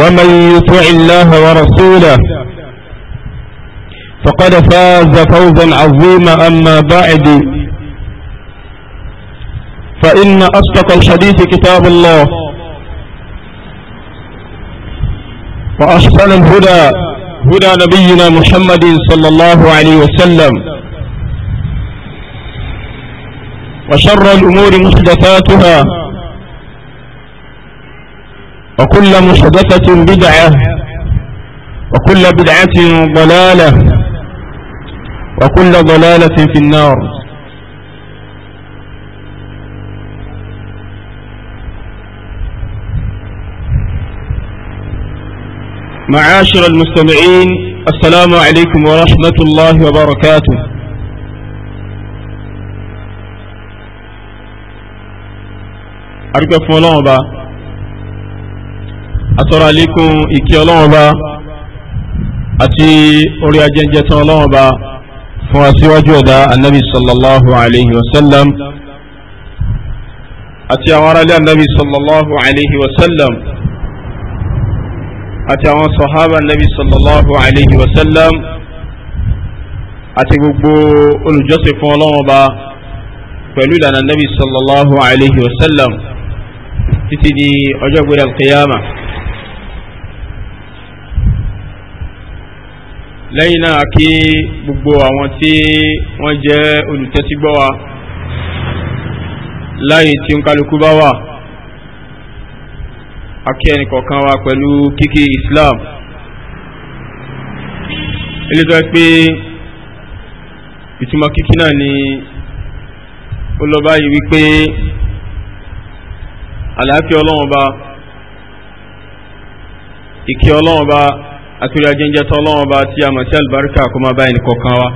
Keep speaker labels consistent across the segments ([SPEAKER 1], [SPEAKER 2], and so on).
[SPEAKER 1] ومن يطع الله ورسوله فقد فاز فوزا عظيما أما بعد فإن أصدق الحديث كتاب الله وأحسن الهدى هدى نبينا محمد صلى الله عليه وسلم وشر الأمور محدثاتها وكل محدثة بدعة وكل بدعة ضلالة وكل ضلالة في النار معاشر المستمعين السلام عليكم ورحمة الله وبركاته أرجو فلان atọ́rọ alékún ìkẹ́ ọlọ́run bá àti orí ajẹ́jẹ́ tán ọlọ́run bá fún aṣíwájú ẹ̀dá annabi sallallahu alayhi wa sallam àti àwọn aráalé annabi sallallahu alayhi wa sallam àti àwọn sọ̀hábà annabi sallallahu alayhi wa sallam àti gbogbo olùjọ́sìn fún ọlọ́run bá pẹ̀lú ìlànà annabi sallallahu alayhi wa sallam títí di ọjọ́ gbéra al lẹ́yìn náà kí gbogbo àwọn tí wọ́n jẹ́ olùtẹ́sígbọ́ wa láyé tí ń kálukú bá wà akí ẹnì kọ̀ọ̀kan wa pẹ̀lú kíkí Islam ilé tó pé ìtumọ̀ kíkí náà ni ó lọ báyìí wípé àlàáfíà ọlọ́run ba ìkí ọlọ́run ba àtúrí ajẹ́jẹ́ tọ́lọ́wọ́ bá tí a mọ̀ sí albarka kó má báyìí kọ̀kan wa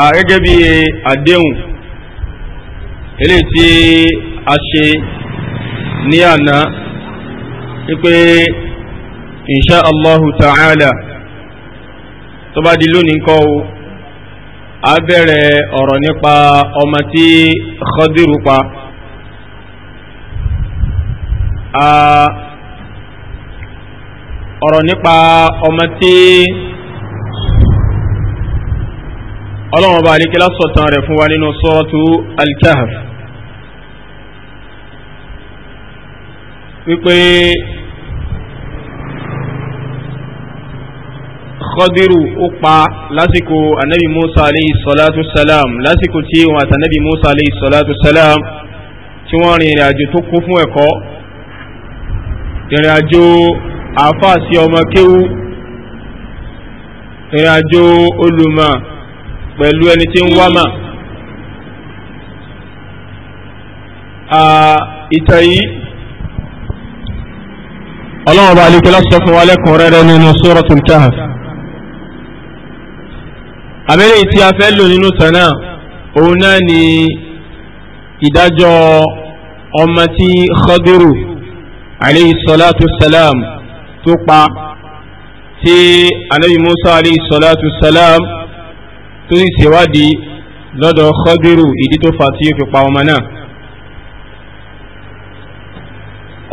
[SPEAKER 1] a gẹ́gẹ́ bí àdéhùn ilé tí a ṣe ní àná wípé insha Allahu ta'ala tó bá di lónìí kọ́ o a bẹ̀rẹ̀ ọ̀rọ̀ nípa ọmọ tí Khadiru pa a ọ̀rọ̀ nípa ọmọ tí ọlọ́run ọba àlékẹ́lá sọ̀tàn rẹ̀ fún wa nínú suratu al-Kahf wípé Khadiru ó pa lásìkò anabi Musa aleyhi salatu salam lásìkò tí wọn àti Musa aleyhi salatu salam tí wọ́n rìnrìn àjò tó kún fún ẹ̀kọ́ ìrìn àjò àáfàá sí ọmọ kéwú ìrìnàjò olùmọ̀ pẹ̀lú ẹni tí ń wá mà. ìtàn yìí ọlọ́run bá alẹ́ kí lásán fún wa lẹ́kùn rẹ́rẹ́ nínú Suratul Kahf abẹ́rẹ́ tí a fẹ́ lò nínú tànà òun náà ni ìdájọ́ ọmọ tí Khadiru alayhi salatu salam tó pa tí anabi musa alayhi salatu salam tó sì ṣèwádìí lọ́dọ̀ khadiru ìdí tó fà tí ó fi pa ọmọ náà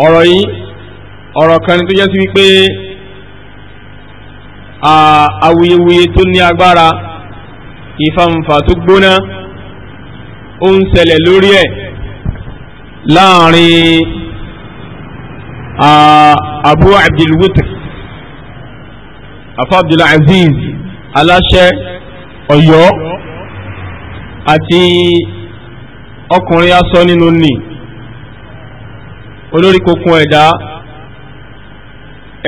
[SPEAKER 1] ọ̀rọ̀ yìí ọ̀rọ̀ kan tó jẹ́ sí wípé awuyewuye tó ní agbára ìfàǹfà tó gbóná ó ń ṣẹlẹ̀ lórí ẹ̀ láàrin abu abdulwitr afa abdulaziz aláṣẹ ọ̀yọ́ àti ọkùnrin asọ nínú ní olórí kokun ẹ̀dá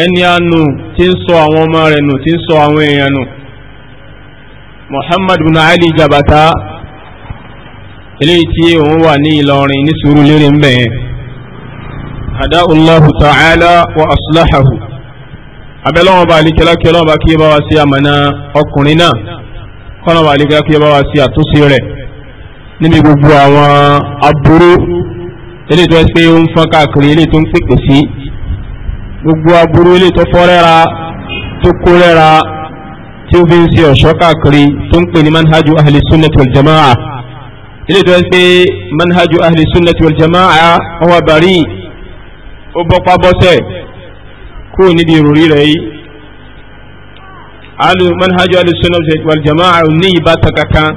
[SPEAKER 1] ẹni àánú tí ń sọ àwọn ọmọ rẹ̀ nù tí ń sọ àwọn èèyàn nù Muhammad Jabata eléyìí tí òun wà ní Ìlọrin ní sùúrù lérè ń هداه الله تعالى وأصلحه abẹ́lọ́wọ́n bá alikẹ́lá kí ọlọ́wọ́n bá kí bá wá sí àmàna ọkùnrin náà kọ́nà bá alikẹ́lá kí bá wá sí àtúnṣe rẹ̀ níbi gbogbo àwọn aburú eléyìí tó ẹsẹ̀ ń fọ́n káàkiri eléyìí tó ń pèpè sí gbogbo aburú eléyìí tó fọ́rẹ́ra tó kórẹ́ra tí ó fi ń ṣe ọ̀ṣọ́ káàkiri tó ń pè ní manhajú ahli sunnati wal jama'a eléyìí tó ẹsẹ̀ manhajú ahli sunnati wal jama'a ọwọ́ bàrí ó bọ́pá bọ́sẹ̀ kúrò nídìí ìròrí rẹ̀ yìí alu manhajú alusunna wal jama'a ní ìbátan kankan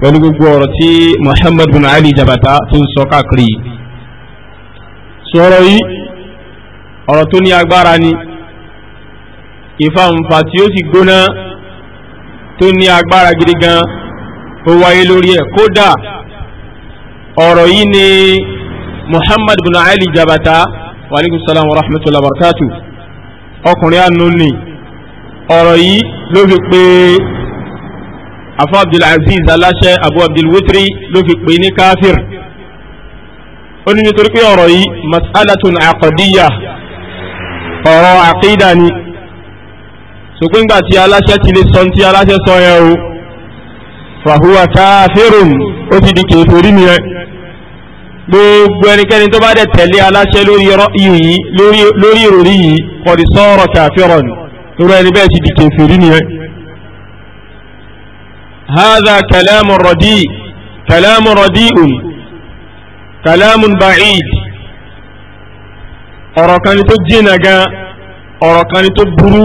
[SPEAKER 1] pẹ̀lú gbogbo ọ̀rọ̀ tí Muhammad bin Ali Jabata tó ń sọ káàkiri sọ̀rọ̀ yìí ọ̀rọ̀ tó ní agbára ni ìfàǹfà tí ó sì gbóná tó ní agbára gidi gan ó wáyé lórí ẹ̀ kódà ọ̀rọ̀ yìí ni Muhammad bin Ali Jabata wa aleykum salaam wa rahmatulah barakatu ọkùnrin ànúni ọ̀rọ̀ yìí ló fi pé afa abdulaziz aláṣẹ abu abdulwitri ló fi pé ní káfíìr ó ní nítorí pé ọ̀rọ̀ yìí mas'alatun aqadiyya ọ̀rọ̀ àkídà ni sòpé ńgbà tí aláṣẹ ti lè o fahuwa káfíìrùn ó ti di kèfèrí nìyẹn gbogbo ẹnikẹ́ni tó bá dẹ̀ tẹ̀lé aláṣẹ lórí ìròrí yìí kọ̀dí sọ́ọ̀rọ̀ kàfíràn lórí ẹni bẹ́ẹ̀ ti di kèfèrí nìyẹn. hadha kalamu rọ̀dí kalamu rọ̀dí òn kalamu ba'id ọ̀rọ̀ kan ni tó jìnnà gan ọ̀rọ̀ kan tó burú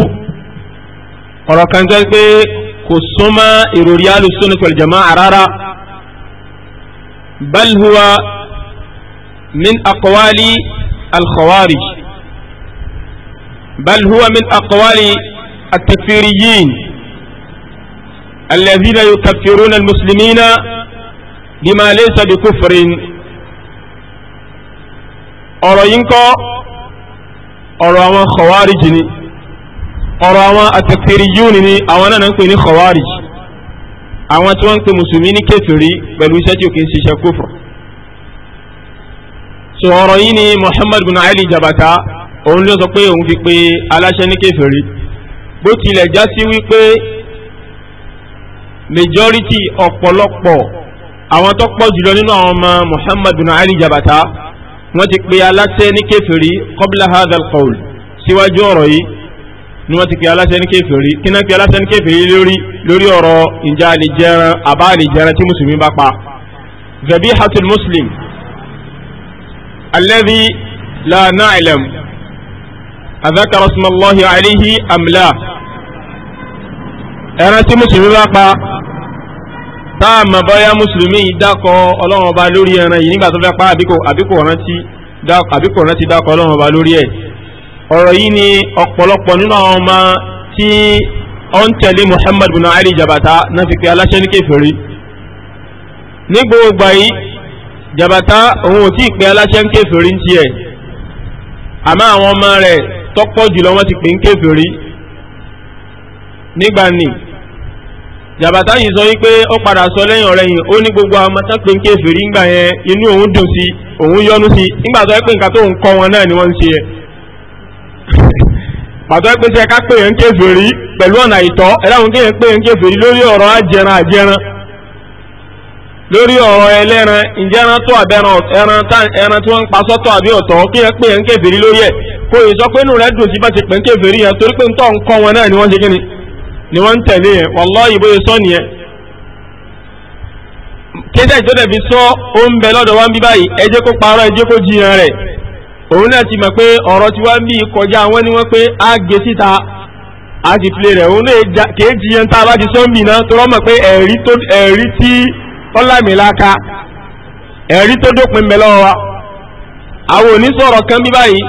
[SPEAKER 1] ọ̀rọ̀ kan tó pé kò súnmọ́ ìròrí alùsùn pẹ̀lú jama'a rárá bal huwa من أقوال الخوارج بل هو من أقوال التكفيريين الذين يكفرون المسلمين بما ليس بكفر أرينكو أروا خوارج أروا التكفيريون أولا ننقل خوارج أولا تنقل مسلمين كفري بل وساتيو كنسي كفر so ọ̀rọ̀ yìí ni Muhammad bin Ali Jabata òun ló sọ pé òun fi pe aláṣẹ ní kèfèrí bó tilẹ̀ já sí wípé majority ọ̀pọ̀lọpọ̀ àwọn tó pọ̀ jùlọ nínú àwọn ọmọ Muhammad bin Ali Jabata wọ́n ti pe aláṣẹ ní kèfèrí qabla hadal qawl síwájú ọ̀rọ̀ yìí ni wọ́n ti pe aláṣẹ ní kèfèrí kí náà pe aláṣẹ ní kèfèrí lórí lórí ọ̀rọ̀ ìjà àlejẹran àbá àlejẹran tí mùsùlùmí bá pa zabihatul muslim الذي لا نعلم أذكر اسم الله عليه أم لا ẹran tí mùsùlùmí bá pa tá a mọ̀ bóyá mùsùlùmí dákọ̀ ọlọ́run ọba lórí ẹran yìí nígbà tó fẹ́ pa àbíkò rántí dákọ̀ ọlọ́run ọba lórí ẹ̀ ọ̀rọ̀ yìí ni ọ̀pọ̀lọpọ̀ nínú àwọn ọmọ tí ó ń tẹ̀lé Muhammad bin Ali Jabata náà fi pe aláṣẹ ní kèfèrí nígbà ògbà yìí jàbàtà òun ò tí ì pé aláṣẹ ń kéferì ń tiẹ̀ àmọ́ àwọn ọmọ rẹ̀ tọ́pọ̀ jùlọ wọ́n ti pè ń kéferì nígbà nì jàbàtà yìí sọ wípé ó padà sọ lẹ́yìn ọ̀rẹ́ yìí ó ní gbogbo àwọn ọmọ tán pé ń kéferì ńgbà yẹn inú òun dùn sí òun yọnu sí nígbà tó yẹ pé nǹkan tó ń kọ́ wọn náà ni wọ́n ń ṣe ẹ̀ pàtó ẹ ká pè ń kéferì pẹ̀lú ọ̀nà ìtọ́ ẹ dáhùn kéèyàn pè ń kéferì lórí ọ̀rọ̀ ajẹran ajẹran lórí ọ̀rọ̀ ẹlẹ́ran ǹjẹ́ ẹran tó àbẹ̀ràn ẹran tí wọ́n ń pa sọ́tọ̀ àbí ọ̀tọ̀ kí ẹ pé ẹ̀ ń lórí ẹ̀ kó o sọ pé inú rẹ̀ dùn sí bá ti pè ń kèfèrí yẹn torí pé wọn náà ni wọ́n ṣe kí ni ni wọ́n ń tẹ̀lé yẹn sọ nìyẹn. kéde ìjọ dẹ̀ fi sọ bẹ lọ́dọ̀ wá ń bí báyìí ẹ jẹ́ kó parọ́ ẹ jẹ́ ti mọ̀ ọlámìláka ẹ̀rí tó dópin mẹ́lọ́ wa àwọn onísọ̀rọ̀ kan bí báyìí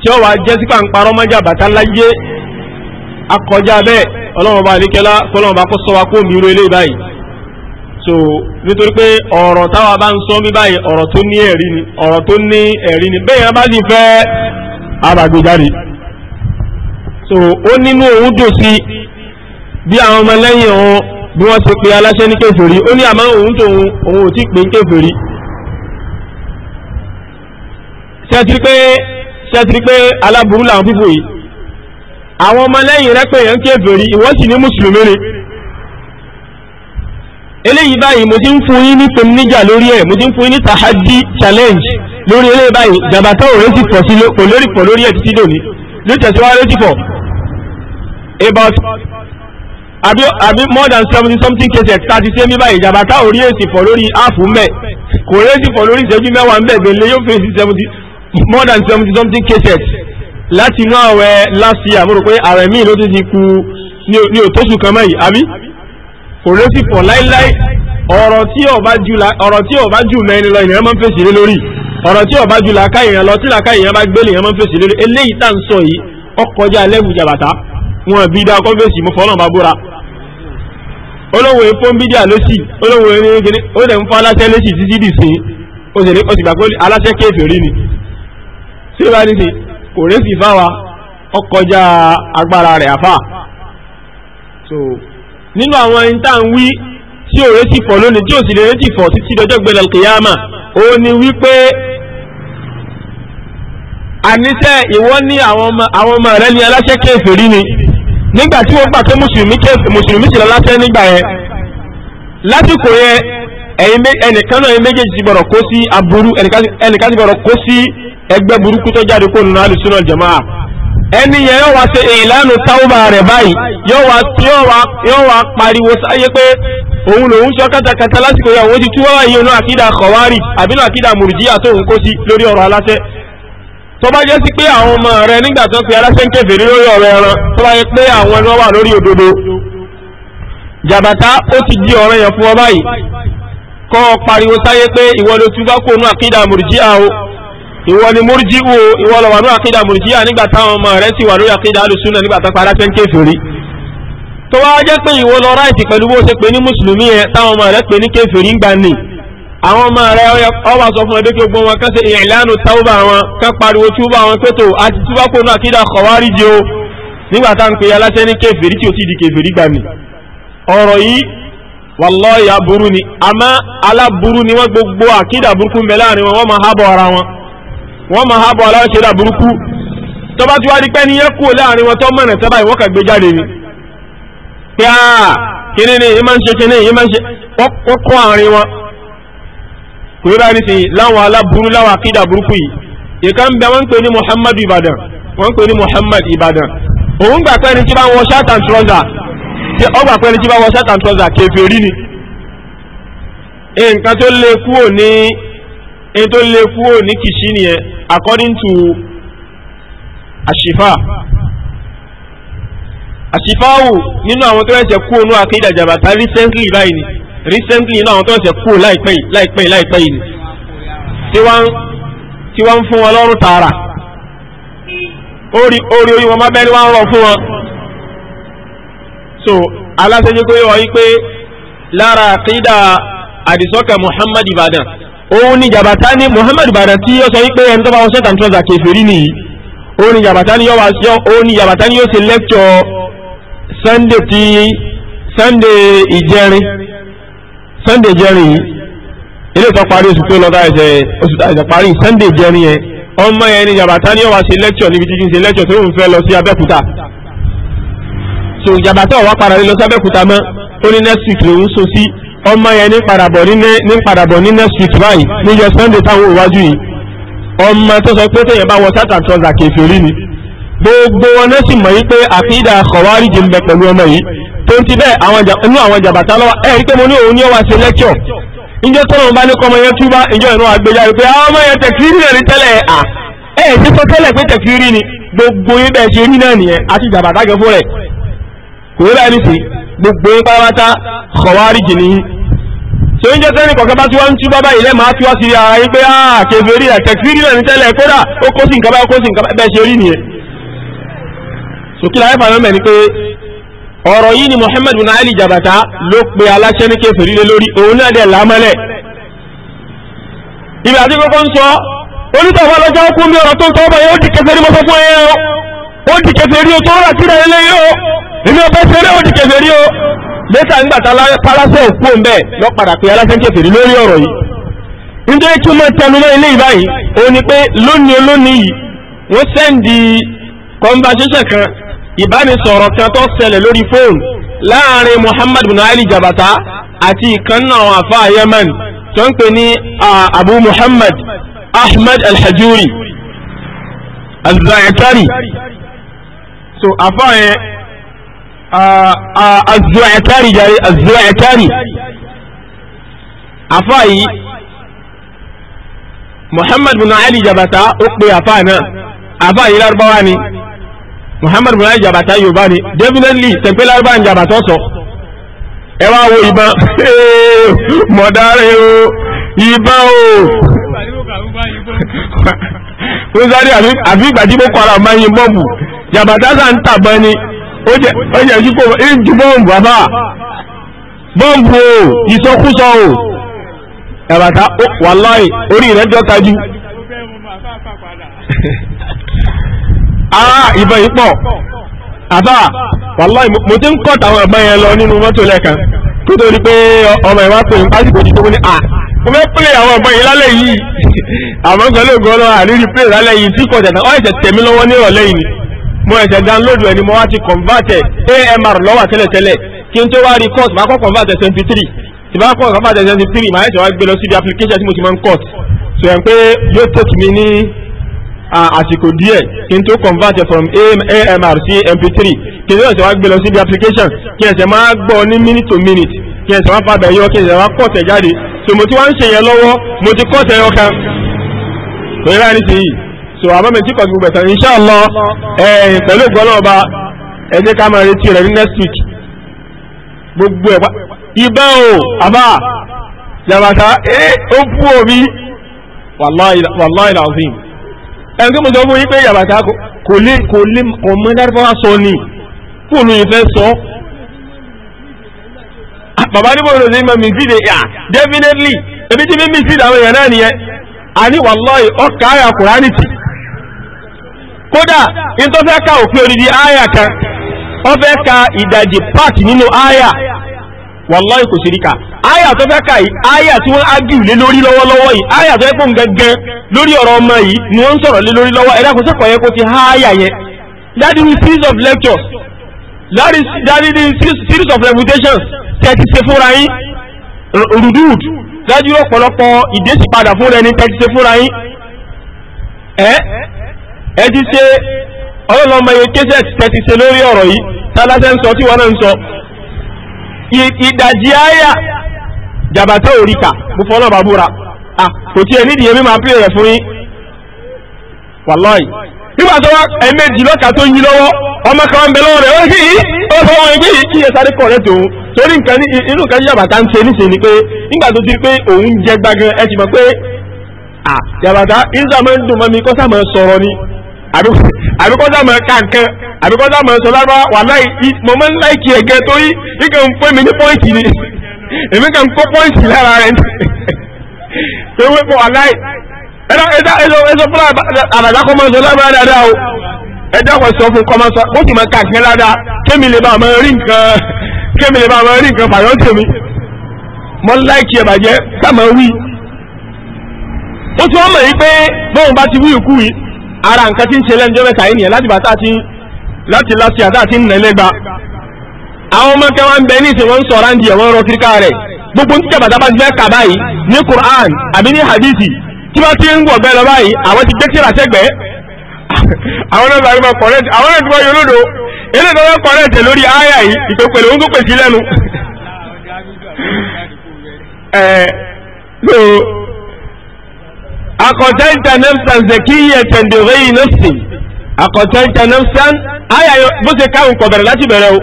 [SPEAKER 1] tí ó wà jẹ́ sípà ń parọ́ mọ́jà bàtà láyé akọjá bẹ́ẹ̀ ọlọ́mọba àlékẹ́lá kọlọ́mọba kó sọ wa kó mi ro eléyìí báyìí so nítorí pé ọ̀rọ̀ táwa bá ń sọ mí báyìí ọ̀rọ̀ tó ní ẹ̀rí ni ọ̀rọ̀ tó ní ẹ̀rí ni bẹ́ẹ̀ bá sì fẹ́ abàgbéjáde so ó nínú òun dò sí bí àwọn ọmọ lẹ́yìn ọ̀hún bí wọ́n ti pe aláṣẹ ní kèfèrí ó ní àmọ́ òun tóun òun ò tí pè ń kèfèrí ṣẹ́tìrí pé ṣẹ́tìrí pé aláburú làwọn fífò yìí àwọn ọmọ lẹ́yìn rẹ̀ pé èèyàn kèfèrí ìwọ́n sì ní mùsùlùmí ni eléyìí báyìí mo ti ń fún yín ní pèmíníjà lórí ẹ̀ mo ti ń fún yín ní tahadi challenge lórí eléyìí báyìí jàbátá òré ti pọ̀ sí kò lórí pọ̀ lórí ẹ̀ títí dòní ló tẹ̀síwájú ló ti pọ̀ about àbí àbí more than seventy something cases thirty ṣé mi báyìí ìjàmbá tá ò rí èsì fọ̀ lórí áàfù mbẹ̀ kò rí èsì fọ̀ lórí ìṣẹ́jú mẹ́wàá mbẹ̀ gbèlè yóò fèsì seventy more than seventy something cases láti inú àwẹ̀ last year mo rò pé àwẹ̀ míì ló ti di ku ní òtóṣù kan mẹ́yìí àbí kò rí èsì fọ̀ láíláí ọ̀rọ̀ tí ọ̀bá jù mẹ́rin lọ ìrìnà máa ń fèsì lé lórí ọ̀rọ̀ tí ọ̀bá jù làákà ìrìnà lọ tí làákà ìrìnà bá gbélé ìrìnà máa ń fèsì lé lórí eléyìí tá ń wọn bí dáa kọ́ fèsì mo bá búra olówó efó mídíà lọ́sì olówó eréńgẹ́lẹ́ ó lè ń fọ́ aláṣẹ lọ́sì títí dì sí ó sì lè ó sì gbà pé aláṣẹ kéfèrí ni ṣé bá ní sí kò rẹ́sì fáwa ọkọjá agbára rẹ̀ àfà so nínú àwọn ẹni tá à ń wí tí ò rẹ́sì fọ̀ lónìí tí ò sì lè rẹ́sì fọ̀ títí dọjọ́ gbẹlẹ̀ kìyàmà ó ní wípé àníṣe ìwọ ní àwọn ọmọ rẹ ní aláṣẹ kéfèrí ni nígbà tí wọ́n gbà pé mùsùlùmí kéèsì mùsùlùmí sì lọ láṣẹ nígbà yẹn lásìkò yẹn ẹnìkan náà méjèèjì ti gbọ́dọ̀ kó sí aburú ẹnìkan ti gbọ́dọ̀ kó sí ẹgbẹ́ burúkú tó jáde kó nínú alùsùnà jama'a ẹni yẹn yóò wá ṣe ìlànà táwùbà rẹ̀ báyìí yóò wá pariwo sáyé pé òun lòun sọ kátàkátà lásìkò yẹn òun ti túwọ́ wáyé inú àkídà kọ̀wárì àbínú àkídà mùrùjíyà tó ń kó sí lórí ọ̀rọ̀ aláṣẹ tó bá jẹ́ sí pé àwọn ọmọ rẹ nígbà tó ń pe aláṣẹ ń kèfèrí lórí ọ̀rọ̀ ẹran tó bá yẹ pé àwọn ẹni wọ́n wà lórí òdodo jàbàtà ó ti di ọ̀rọ̀ yẹn fún ọ báyìí kọ́ ọ pariwo sáyé pé ìwọ ló tún bá kó nu àkídà mùrìjíà o ìwọ ni múrjí wo ìwọ lọ wà ní àkídà mùrìjíà nígbà táwọn ọmọ rẹ sì wà lórí àkídà alùsùnà nígbà tó para sẹ́ńké fèrè tó wá jẹ́ pé ìwọ lọ ráìtì pẹ̀lú bó ṣe pè ní mùsùlùmí yẹn táwọn ọmọ rẹ pè ní kéfèrè ń gbà ní àwọn ọmọ ya ọba sọ fún ẹbí gbogbo wọn kán ṣe ìlànà táwọ́bà wọn kán pariwo túbà wọn pé tó àti túbà kó náà kí dà kọ̀wárí di o nígbà tá à ń pe aláṣẹ ní kèfèrí tí ti di kèfèrí gbà mí ọ̀rọ̀ yìí wàlọ́ọ̀yà burú ni àmọ́ aláburú ni wọ́n gbogbo àkídà burúkú ń bẹ láàrin wọn wọ́n máa hábọ̀ ara wọn wọ́n máa hábọ̀ ara burúkú kò yẹ báyìí nísìnyí láwọn aláburú láwọn akídà burúkú yìí ìkan bẹ wọ́n ń pè ní Muhammadu Ìbàdàn wọ́n pè ní Muhammad ibadan. òun gbà pé ẹni tí bá wọ shirt and trouser ọgbà pé ẹni tí bá wọ shirt and trouser ni nǹkan tó lé kúrò ní nǹkan tó lé kúrò ní kìsí nìyẹn according to àṣìfà àṣìfà wò nínú àwọn tó ẹ̀ṣẹ̀ kúrò ní akídà jàbàtà recently báyìí ni recently náà àwọn tó ṣe kú láìpẹ́ yìí láìpẹ́ yìí láìpẹ́ yìí tí wọ́n ń fún wọn lọ́rùn tààrà orí orí orí wọn bábẹ́ ni rọ fún wọn so aláṣẹ́jú pé wọ́n yí pé lára àkídà àdìsọ́kà Muhammad Ibadan òun ni jàbátá ní Muhammad Ibadan tí yóò sọ wípé ẹni tó bá wọn ṣẹ́ta tó zàkè fèrí nìyí òun ni jàbátá ní yóò wá sí òun ni jàbátá ní yóò ṣe lẹ́kṣọ̀ Sunday ti Sunday ìjẹrin sunday jẹrin yìí ilé ìtọ́ parí oṣù tó lọ dá ẹsẹ̀ oṣù tó ẹsẹ̀ parí sunday jẹrin yẹn ọmọ yẹn ni jàbátá ni ó wá ṣe lecture níbi jíjí ṣe lecture tó ń fẹ́ lọ sí abẹ́òkúta so jàbátá ọ̀wá padà lọ sí abẹ́òkúta mọ́ ó ní next week lòún so sí ọmọ yẹn ní padàbọ̀ ní padàbọ̀ ní next week báyìí níjọ sunday táwọn òwájú yìí ọmọ tó sọ pé téèyàn bá wọ sátà tọ́za kẹfì orí ni gbogbo wọn náà sì mọ̀ yí pé àfihàn àkọ̀wárí jẹ́ ń bẹ pẹ̀lú ọmọ yìí tó ń ti bẹ́ẹ̀ inú àwọn jàbàtà lọ́wọ́ ẹ̀ rí pé mo ní òun ní ọwà ṣe lẹ́kṣọ̀ ìjọ tọ́lọ̀ bá ní kọmọ yẹn túbá ìjọ ìrún àgbéjáde pé àwọn ah, ọmọ yẹn tẹ̀kìrì rẹ̀ ní tẹ́lẹ̀ à ẹ̀ ti sọ tẹ́lẹ̀ pé tẹ̀kìrì ni gbogbo yín bẹ́ẹ̀ ṣe rí náà nìyẹn àti jàbàtà gẹ fún rẹ̀ kò rí báyìí nìsí gbogbo yín pátápátá kọ̀wárí jì nìyí. ṣé oúnjẹ tẹ́lẹ̀ kọ̀ọ̀kan bá tí wọ́n ń túbá báyìí lẹ́ẹ̀ máa túwá sí ara yín pé ah kèfèrí rẹ̀ tẹ̀kìrì rẹ̀ ní tẹ́lẹ̀ kódà ó kó sí nǹkan báyìí ó kó sí nǹkan báyìí bẹ́ẹ̀ ṣe rí nìyẹn. sòkìlà ẹ̀fà yọ̀ ọ̀rọ̀ yìí ni Muhammad bin Ali Jabata ló pe aláṣẹ ní kèfèrí lé lórí òun náà dẹ̀ lámọ́lẹ̀ ibi àti kókó ń sọ onítọ̀fà lọ́jọ́ kú mi ọ̀rọ̀ tó ń tọ́bọ̀ yóò di kèfèrí mọ́ fún ẹ o ó di kèfèrí o tó rà sí rẹ̀ lé o èmi ọ̀bẹ fẹ́rẹ́ ó di kèfèrí o lẹ́tà ńgbàtà paláṣẹ òkú ń bẹ̀ lọ́ padà pé aláṣẹ ń kèfèrí lórí ọ̀rọ̀ yìí nítorí kí tẹnumọ́ ilé ìbáyìí òun ni pé lónìí olónìí yìí wọ́n sẹ́ndì conversation kan ìbánisọ̀rọ̀ kan tó ṣẹlẹ̀ lórí fóònù láàrin Muhammad bin Ali Jabata àti ìkànnà àwọn àfa Yemen tó ń pè ní Abu Muhammad Ahmed Al-Hajuri Az-Za'atari so àfa yẹn Az-Za'atari jàre Az-Za'atari àfa yìí Muhammad bin Ali Jabata ó pe àfa náà àfa yìí lárúbáwá ni. Muhammad buhari jàbàtà yorùbá ni definitely tẹ̀pẹ́ lárúbá ń jàbàtà sọ ẹ wá wo ìbọn mọ̀dárẹ́ o ìbọn o rosari àbí ìgbàjí kọ́ra ọmọ yín bọ́ọ̀bù jàbàtà sà ń tàbọn ni ó jẹ́ ìjú bọ́ọ̀bù bàbá bọ́ọ̀bù o ìsọkúsọ o jàbàtà wàláì orí rẹ̀ jọ́ta jù. ara ah, ìbọn yìí pọ̀ àbá wàláì mo ti ń kọ́ tàwọn ẹ̀gbọ́n yẹn lọ nínú mọ́tò lẹ́ẹ̀kan tó tó ní pé ọmọ ìwà pè ń pásítọ̀ ti tó ní à ah, mo fẹ́ pè àwọn ẹ̀gbọ́n yìí lálẹ́ yìí àmọ́ gbọ́n ló gbọ́ lọ́wọ́ àrírí pè lálẹ́ yìí tí kò tẹ̀tẹ̀ ọ́ ẹ̀sẹ̀ tẹ̀mí lọ́wọ́ ní ìrọ̀lẹ́ yìí mo ẹ̀sẹ̀ download ẹ̀ ni mo wá ti convert AMR lọ́wọ́ tẹ́lẹ̀tẹ́lẹ̀ kí n tó wá rí course máa kọ́ convert seventy three tí bá kọ́ convert seventy three máa ẹ̀sẹ̀ wá gbé lọ síbi application tí mo ti máa ń course so ẹ̀ pé yóò take mi ní àsìkò díẹ̀ kí n tó convert from AMR sí MP3 kí n tó ẹ̀sẹ̀ wá gbé lọ síbi application kí ẹ̀sẹ̀ máa gbọ́ ní minute to minute kí ẹ̀sẹ̀ wá padà yọ kí ẹ̀sẹ̀ wá kọ̀tẹ̀ jáde so mo ti wá ń ṣe yẹn lọ́wọ́ mo ti kọ̀tẹ̀ yọ kan kò yẹ láì nísìnyí so àmọ́ mi ti kọ̀ gbogbo ẹ̀sán inshallah ẹ̀yìn pẹ̀lú ìgbọ́nà ọba ẹ jẹ́ ká máa retí rẹ̀ ní next week gbogbo ẹ̀ ibà o àbá jàbàtà ó bú òbí wàláhì làwọn ẹni tó mo sọ fún yín pé yàbàtà kò lè kò lè kò mọ dárúbáwá sọ ni fóònù yìí fẹ́ sọ bàbá ní bóyá lóṣèlú mi sí yà definitely ebi tí mi sí àwọn èèyàn náà nìyẹn àní wàlọ́ọ̀yì ọkà àyà kùránì tì kódà nítorí ká òfin odidi àyà kan wọ́n fẹ́ ka ìdajì part nínú àyà wàláì kò ṣe ríkà tó fẹ́ kà yìí tí wọ́n ágìrì lé lórí lọ́wọ́lọ́wọ́ yìí àyà tó fẹ́ gẹ́gẹ́ lórí ọ̀rọ̀ ọmọ yìí ni wọ́n sọ̀rọ̀ lé lórí lọ́wọ́ ẹ̀dá ti há that is series of lectures that is that is series of reputations tẹ̀sí ṣe fúnra yín rudud dájú ọ̀pọ̀lọpọ̀ ìdésì padà fúnra ẹni tẹ̀sí ṣe fúnra yín ẹ ẹ ti ṣe ọlọ́lọ́mọ yẹn kéṣẹ́ tẹ̀sí ṣe lórí ọ̀rọ̀ yìí tálásẹ́ ń sọ tí wọ́n náà ń sọ ìdajì ayà jàbàtà òríkà mo fọlọ́ bàbúrà kò tí ẹ nídìí èmi máa pílẹ̀ rẹ̀ fún yín wàláì nígbà tó wá ẹ̀mẹ́jì lọ́ka tó yí lọ́wọ́ ọmọ kan ń bẹ lọ́wọ́ rẹ̀ ó sì yí ó fọwọ́ ẹgbẹ́ yìí rẹ̀ tòun ni pé nígbà tó ti pé òun jẹ gbagan ẹ ti mọ̀ pé ìsàmọ́ ń dùn mọ́ mi sọ̀rọ̀ ni àbíkọ́sá mọ̀ kankan àbíkọ́sá mọ̀ sọ lábá wà láì mo máa ń láìkì ẹ̀gẹ́ torí nǹkan ń pè mí ní pọ́ǹtì ni èmi kàn ń kó pọ́ǹtì lára rẹ̀ pé wípé wà láì ẹ̀dá ẹ̀dá ẹ̀sọ fún àbàdá kọ́ máa sọ lábá dáadáa o ẹ̀dá kọ́ sọ fún kọ́ máa sọ bó sì máa kankan ládàá kémi lè bá àmọ́ rí nǹkan kémi lè bá àmọ́ rí nǹkan fàyọ́ tèmi mo ń láìkì ẹ̀bàjẹ́ sáà máa wí ó ti wọ́n mọ̀ yí pé bóun bá ti wí ìkú yìí ara nǹkan tí ń ṣe lẹ́njọ́ mẹ́ta yìí nìyẹn láti bàtà tí láti láti àtà tí ń nà lẹ́gba àwọn ọmọ kẹwa ń bẹ ní ìsìn wọn ń sọ ráńdì ẹ̀wọ̀n rọ kíríkà rẹ̀ gbogbo ní jàbàtà bá ti fẹ́ kà báyìí ní Qur'an àbí ní hadithi tí wọ́n ti ń wọ̀ bẹ́ẹ̀ lọ báyìí àwọn ti gbé tíra sẹ́gbẹ́ àwọn náà bàbá kọ̀rẹ́tì àwọn náà ti wọ́n yọlódò ilé ìdáwọ́ kọ̀rẹ́tì lórí áyà yìí ìpèpèlè ń gòkè sí lẹ́nu. Eh, akọ̀tẹ́ntà nafsan zakiyyatan bi ghayri nafsin akọ̀tẹ́ntà nafsan ayayọ bó ṣe káwọn kọ̀ bẹ̀rẹ̀ láti bẹ̀rẹ̀ o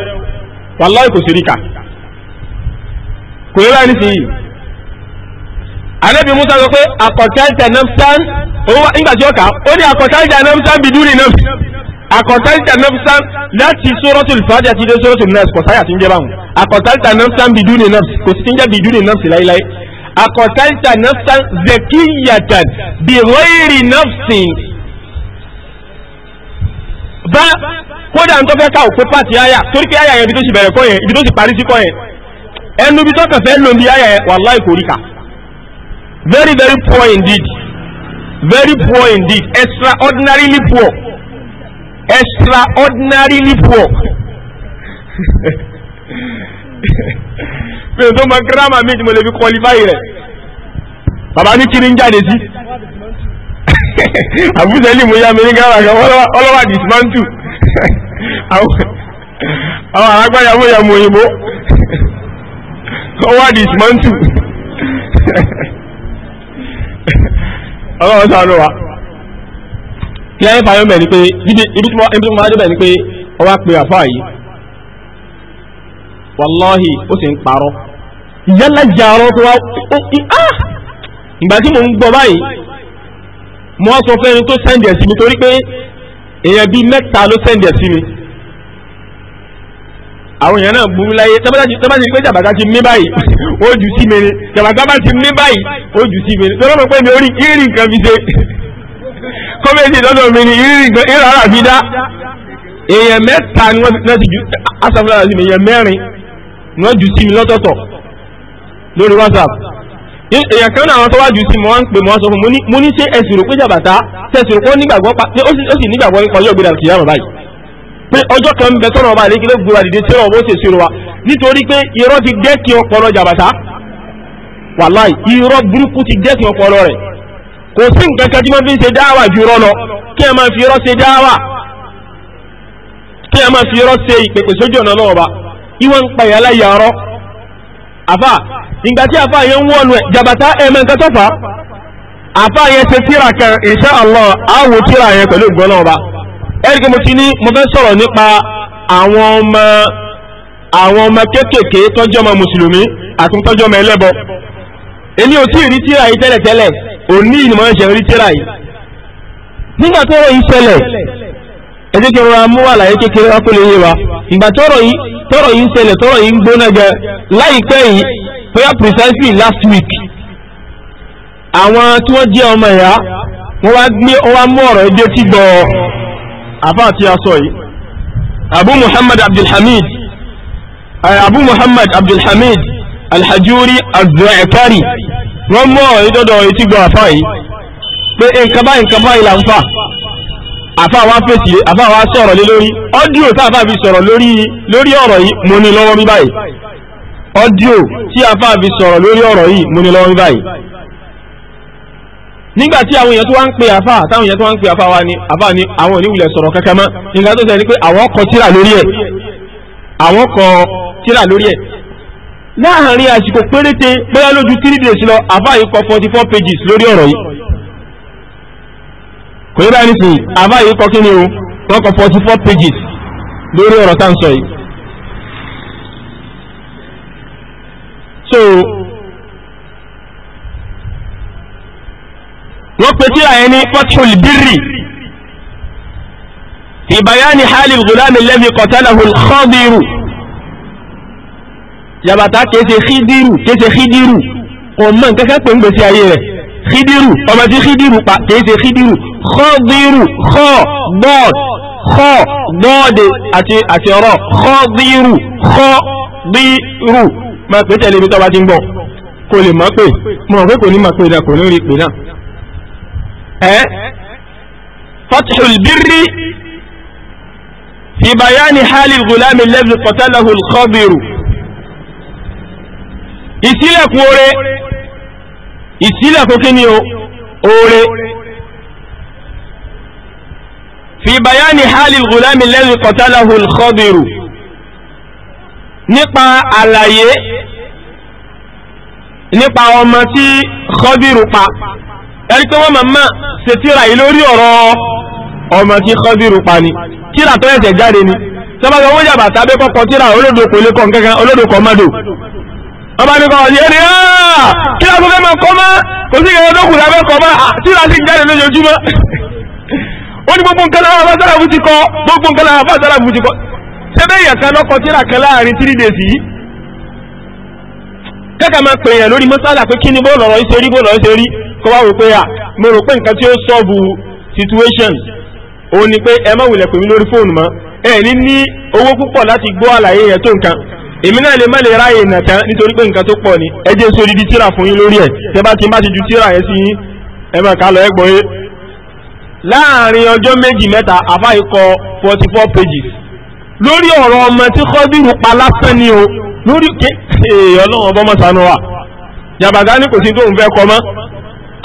[SPEAKER 1] wallahi kò sí ríkà kò yẹ báyìí nísìnyí Ànábì Musa sọ pé akọ̀tẹ́ntà nafsan nígbà tí ó kà ó ní akọ̀tẹ́ntà nafsan biduni nafsi akọ̀tẹ́ntà nafsan láti suratul Fatiha ti dé suratul Nas kọ̀táyà ti ń jẹ́ báwọn akọ̀tẹ́ntà nafsan biduni nafsi kò sí ti ń jẹ́ biduni nafsi láíláí akọ̀tẹ́ntà nafsan zakiyatan bí ghairi nafsin bá kódà ń tó fẹ́ ká òpó pàtí àyà torí pé àyà yẹn ibi tó sì bẹ̀rẹ̀ kọ́ yẹn ibi tó sì parí sí kọ́ yẹn ẹnu ibi tó kẹfẹ́ lò ní àyà yẹn wallahi kò ríkà very very poor indeed very poor indeed extraordinarily poor extraordinarily poor mi ò tó mọ gírámà mi tí mo lè fi kọlifáì rẹ̀ bàbá ní kiri ń jáde sí àbúsẹ́lì mo yá mi ní gírámà kan ọlọ́wà dìsmántù àwọn arágbáyàwó yà mọ òyìnbó ọwà dìsmántù ọlọ́wọ́ sànú wa kí á ń fàyọ́ bẹ̀ ni pé ibi tí mo máa dé bẹ̀ ni pé ọwá pe àfáà yìí wàláhì ó sì ń parọ́ ìyálà jàrọ́ tó wá ìgbà tí mò ń gbọ́ báyìí mo wá sọ fẹ́ni tó sẹ́ndì ẹ̀ sí mi torí pé èèyàn bíi mẹ́ta ló sẹ́ndì ẹ̀ sí mi àwọn èèyàn náà burú láyé tọ́bátà ti pé jàbàtà ti mí báyìí ó jù sí mi ni jàbàtà bá ti mí báyìí ó jù sí mi ni tọ́lọ́ mọ̀ pé mi ò rí ìrìn nǹkan fi ṣe kọ́mẹ́tì lọ́dọ̀ mi ni ìrìn nǹkan ìrọ̀ ara dá èèyàn mẹ́ta ni wọ́n ti ju asàfúlà àti èèyàn mẹ́rin ni wọ́n jù sí mi lọ́tọ̀ọ̀tọ̀ lórí whatsapp èèyàn kan náà àwọn tó wá jù sí mi wọ́n ń pè mọ́ sọ fún mi mo ní ṣe ẹ̀sìn rò pé jàbàtà tẹ̀sìn rò pé ó sì nígbàgbọ́ nípa ọjọ́ ìgbéra kìí àmọ́ báyìí pé ọjọ́ kan ń bẹ tọ́nà ọba àdékí ló gbúra dìde tí ọ̀rọ̀ ó ṣe ṣe wa nítorí pé irọ́ ti dẹ́kì ọpọlọ jàbàtà wàláì irọ́ burúkú ti dẹ́kì ọpọlọ rẹ̀ kò sí nǹkan kan tí wọ́n fi ń ṣe dáwà ju irọ́ lọ kí ẹ máa fi irọ́ ṣe dáwà kí ẹ máa fi irọ́ ṣe ìpèpè sójú ọ̀nà náà ọba ìwọ́n ń pa ìyàlá ìyàrọ́ àfà ìgbà tí àfà yẹn ń wọ́nu ẹ̀ jàbàtà ẹ̀mẹ́ nǹkan tó fà àfà yẹn ṣe tíra kan insha Allah àwò tíra yẹn pẹ̀lú ìgbọ́nà ọba ẹ̀ríkì mo ti ní mo fẹ́ sọ̀rọ̀ nípa àwọn ọmọ àwọn ọmọ kéékèèké tọ́jú ọmọ mùsùlùmí àti tọ́jú ọmọ ẹlẹ́bọ èmi ò tí ì rí tíra yìí tẹ́lẹ̀tẹ́lẹ̀ òní ìnìmọ̀ ẹ̀ṣẹ̀ rí tíra yìí nígbà tó rọ̀ yìí ṣẹlẹ̀ ẹjẹ́ kí ọrọ̀ amú àlàyé kékeré wá kó lè yé wa ìgbà tọ́rọ̀ yìí tọ́rọ̀ yìí ń ṣẹlẹ̀ tọ́rọ̀ yìí ń gbóná gẹ láìpẹ́ yìí bóyá precisely last week àwọn tí wọ́n jẹ́ ọmọ ẹ̀yà wọ́n wá gbé ọwá mú ọ̀rọ̀ ẹjẹ́ tí gbọ́ àbá àti aṣọ yìí abu muhammad abdulhamid eh, abu muhammad abdulhamid alhajuri azraikari wọ́n mú ọ̀rọ̀ ẹjọ́ dọ̀rọ̀ ẹjẹ́ tí gbọ́ àfá yìí pé nǹkan báyìí nǹkan báyìí là ń fà àfáà wá fèsì àfáà wá sọ̀rọ̀ lé lórí ọ́díò tàbá fi sọ̀rọ̀ lórí lórí ọ̀rọ̀ yìí mo ní lọ́wọ́ mi báyìí ọ́díò tí àfáà fi sọ̀rọ̀ lórí ọ̀rọ̀ yìí mo ní lọ́wọ́ mi báyìí nígbà tí àwọn èèyàn tó wá ń pe àfáà táwọn èèyàn tó wá ń pe àfáà wa ni àfáà ni àwọn oníwìlẹ̀ sọ̀rọ̀ kankan mọ́ nígbà tó sẹ́ni ni pé àwọn kọ tíra lórí ẹ̀ àwọn kọ tíra lórí ẹ̀ láàárín àsìkò péréte bóyá lójú three days lọ àfáà yìí kọ forty four pages lórí ọ̀rọ̀ yìí kò yẹ báyìí nísìnyí àbá yìí kọ́ kí ni o wọ́n kọ forty four pages lórí ọ̀rọ̀ tá à ń sọ yìí. so wọ́n pe tíra yẹn ní fathul birri fi bayani hali al-ghulam alladhi qatalahu al-khadiru yabata kese khidiru kese kò mọ nǹkan kan pé ń gbèsè ayé rẹ̀ khidiru ọmọ tí khidiru pa kìí ṣe khidiru khadiru kho bọ́ọ̀d kho bọ́ọ̀dì àti àti ọ̀rọ̀ khadiru khadiru ma pè tẹ̀lé ibi tó bá ti ń bọ̀ kò lè mọ̀ pé mo rò pé kò ní mọ̀ pé kò ní rí pé náà ẹ́ fathul birri fi bayani hali al-ghulam alladhi qatalahu al-khadiru ìsílẹ̀kùn ìsílẹ̀ fún kí ni o oore fi bayani hali gulami lẹ́nu kọtàláhù kọbìrù nípa àlàyé nípa ọmọ tí kọbìrù pa ẹni tó wọ́n mọ̀mọ́ ṣe tíra yìí lórí ọ̀rọ̀ ọmọ tí kọbìrù pa ni tíra tó ẹ̀sẹ̀ jáde ni tọ́bàtà owó jàbàtà abẹ́kọ̀kọ̀ tíra olódòkò ọba ní kọ́ọ̀dì ẹni áà kí lásán fẹ́ máa kọ́ má kò sí ìyẹn lókùn lábẹ́ kọ́ má ah! tí láti jáde lójoojúmọ́ ó ní gbogbo nǹkan láwọn bá sára fúti kọ́ gbogbo nǹkan láwọn bá sára fúti kọ́ sẹ́bẹ̀ èèyàn kan lọ́kọ tíra láàrin three days yìí kẹ́kẹ́ máa pè èèyàn lórí mọ́sálà pé kí ni bóòlù ọ̀rọ̀ ìṣerí bóòlù ọ̀rọ̀ ìṣerí kó wá wò à ah! mo rò pé nǹkan tí ó sọ́ọ̀bù situation òun ni pé ẹ má wulẹ̀ pè lórí fóònù mọ́ ẹ ní ní owó púpọ̀ láti gbọ́ àlàyé yẹn tó nǹkan èmi náà lè má lè ráyè nàkà nítorí pé nǹkan tó pọ̀ ni ẹ jẹ́ sórí di tíra fún yín lórí ẹ̀ tẹ bá ti bá ti ju tíra yẹn sí yín ẹ máa kà lọ ẹ gbọ́ yé. láàrin ọjọ́ méjì mẹ́ta àfáì kọ forty four pages lórí ọ̀rọ̀ ọmọ tí kọ́dúrú pa lásán ni o lórí ké eh, ọlọ́run ọbọ̀ mọ́sánú wa yàbàdá ní kò sí tóun fẹ́ kọ mọ́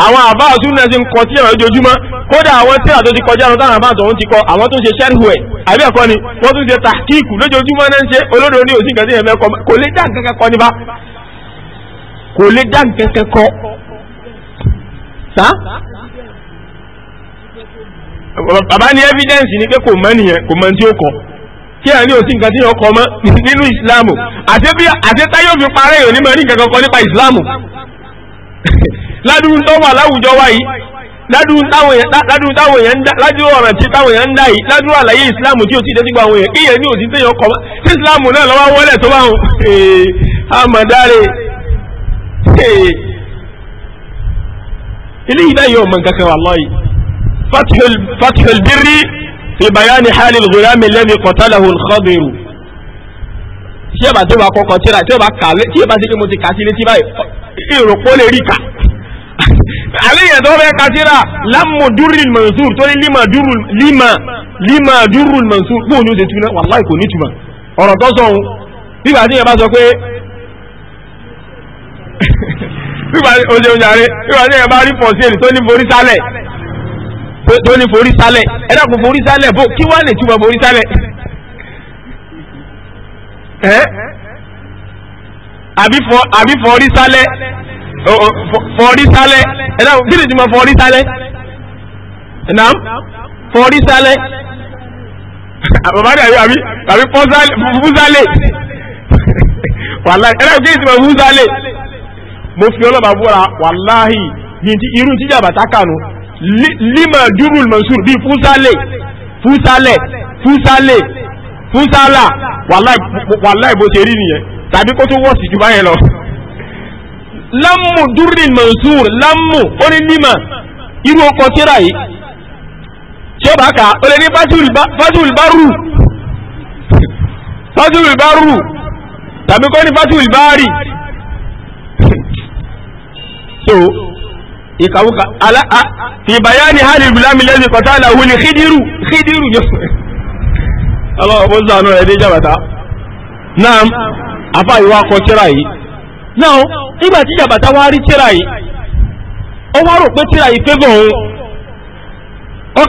[SPEAKER 1] àwọn àbá àtúnlẹ̀ sí ń kọ tí ẹ̀rọ ojoojúmọ́ kódà àwọn tí àtó ti kọjá àwọn táwọn àbá àtọ̀hún ti kọ àwọn tó ń ṣe sẹ́rù ẹ̀ àbí ẹ̀kọ́ ni wọ́n tún ṣe tàkíkù lójoojúmọ́ náà ń ṣe olódò ní òsì kẹsí ẹ̀mẹ́kọ kò lè dá nǹkan kọ nípa kò lè dá nǹkan kọ sá. bàbá ní evidence ni pé kò mọ̀ nìyẹn kò mọ̀ tí ó kọ kí ẹ̀ ní òsì nǹkan tí yẹn kọ mọ́ nínú ìsìláàmù àti táyọ̀ fi parẹ́ yòó ní mọ̀ ní ládùn tó wà láwùjọ wa yìí ládùn táwọn èèyàn ń dá ládùn ọ̀ràn tí táwọn èèyàn ń dá yìí ládùn àlàyé ìsìláàmù tí ò ti dẹ́sí gba àwọn èèyàn kíyẹn ní òsì téèyàn kọ́ tí ìsìláàmù náà lọ́wọ́ wọlé tó bá wọn eh, àmọ̀dáre ilé eh. yìí náà yóò mọ nǹkan kan wà lọ́yìí fatihul birri fi bayani halil ghulami alladhi qatalahu al-khadiru tí ẹ bá tó bá kọ́kọ́ tíra tí ẹ bá kà tí ẹ bá sí pé mo ti kà sí létí báyìí ìròpó lè rí kà àríyàn tó fẹ́ kásírà lámù dúrùl mansur tó ní lima dúrùl lima lima dúrùl mansur kó ní ó ṣe túnà wàláì kò ní túnà ọ̀rọ̀ tó sọ ohun bíbà tí yẹn bá sọ pé bíbà oṣù òjàre bíbà tí yẹn bá rí pọ̀ sí èrè tó ní forí sálẹ̀ tó ní forí sálẹ̀ ẹ dákun forí sálẹ̀ bó kí wá lè túnà forí sálẹ̀ àbí forí sálẹ̀ fọrí sálẹ̀ ẹ̀dá kí ni ìtumọ̀ fọrí sálẹ̀ ẹ̀dá fọrí sálẹ̀ bàbá rẹ̀ àbí àbí fúsálẹ̀ wàláhì ẹ̀dá kí ni ìtumọ̀ fúsálẹ̀ mo fi ọlọ́ba búra wàláhì ní irú tíjà bàtà kànú lima jurul mansur bíi fúsálẹ̀ fúsálẹ̀ fúsálẹ̀ fúsálà wàláhì bó ṣe rí nìyẹn tàbí kó tó wọ́ọ̀sì jù báyẹn lọ lámù dúrín mansur lámù oni nima nímà irú ọkọ̀ tíra yìí tí ó bá kà ó lè ní fásitì bá rù fásitì bá rù tàbí kọ́ ní fásitì bá rì so ìkàwùkà ala a ìbáyá ni hali bilami lẹ́yìn kọ́tà àlàwò wuli khidiru khidiru yóò ọlọ́wọ́ bó sànú rẹ̀ dé jàbàtà náà afáyíwá kọ́ tíra yìí now nígbà tí jàbàtà wá rí tíra yìí ó wá rò pé tíra yìí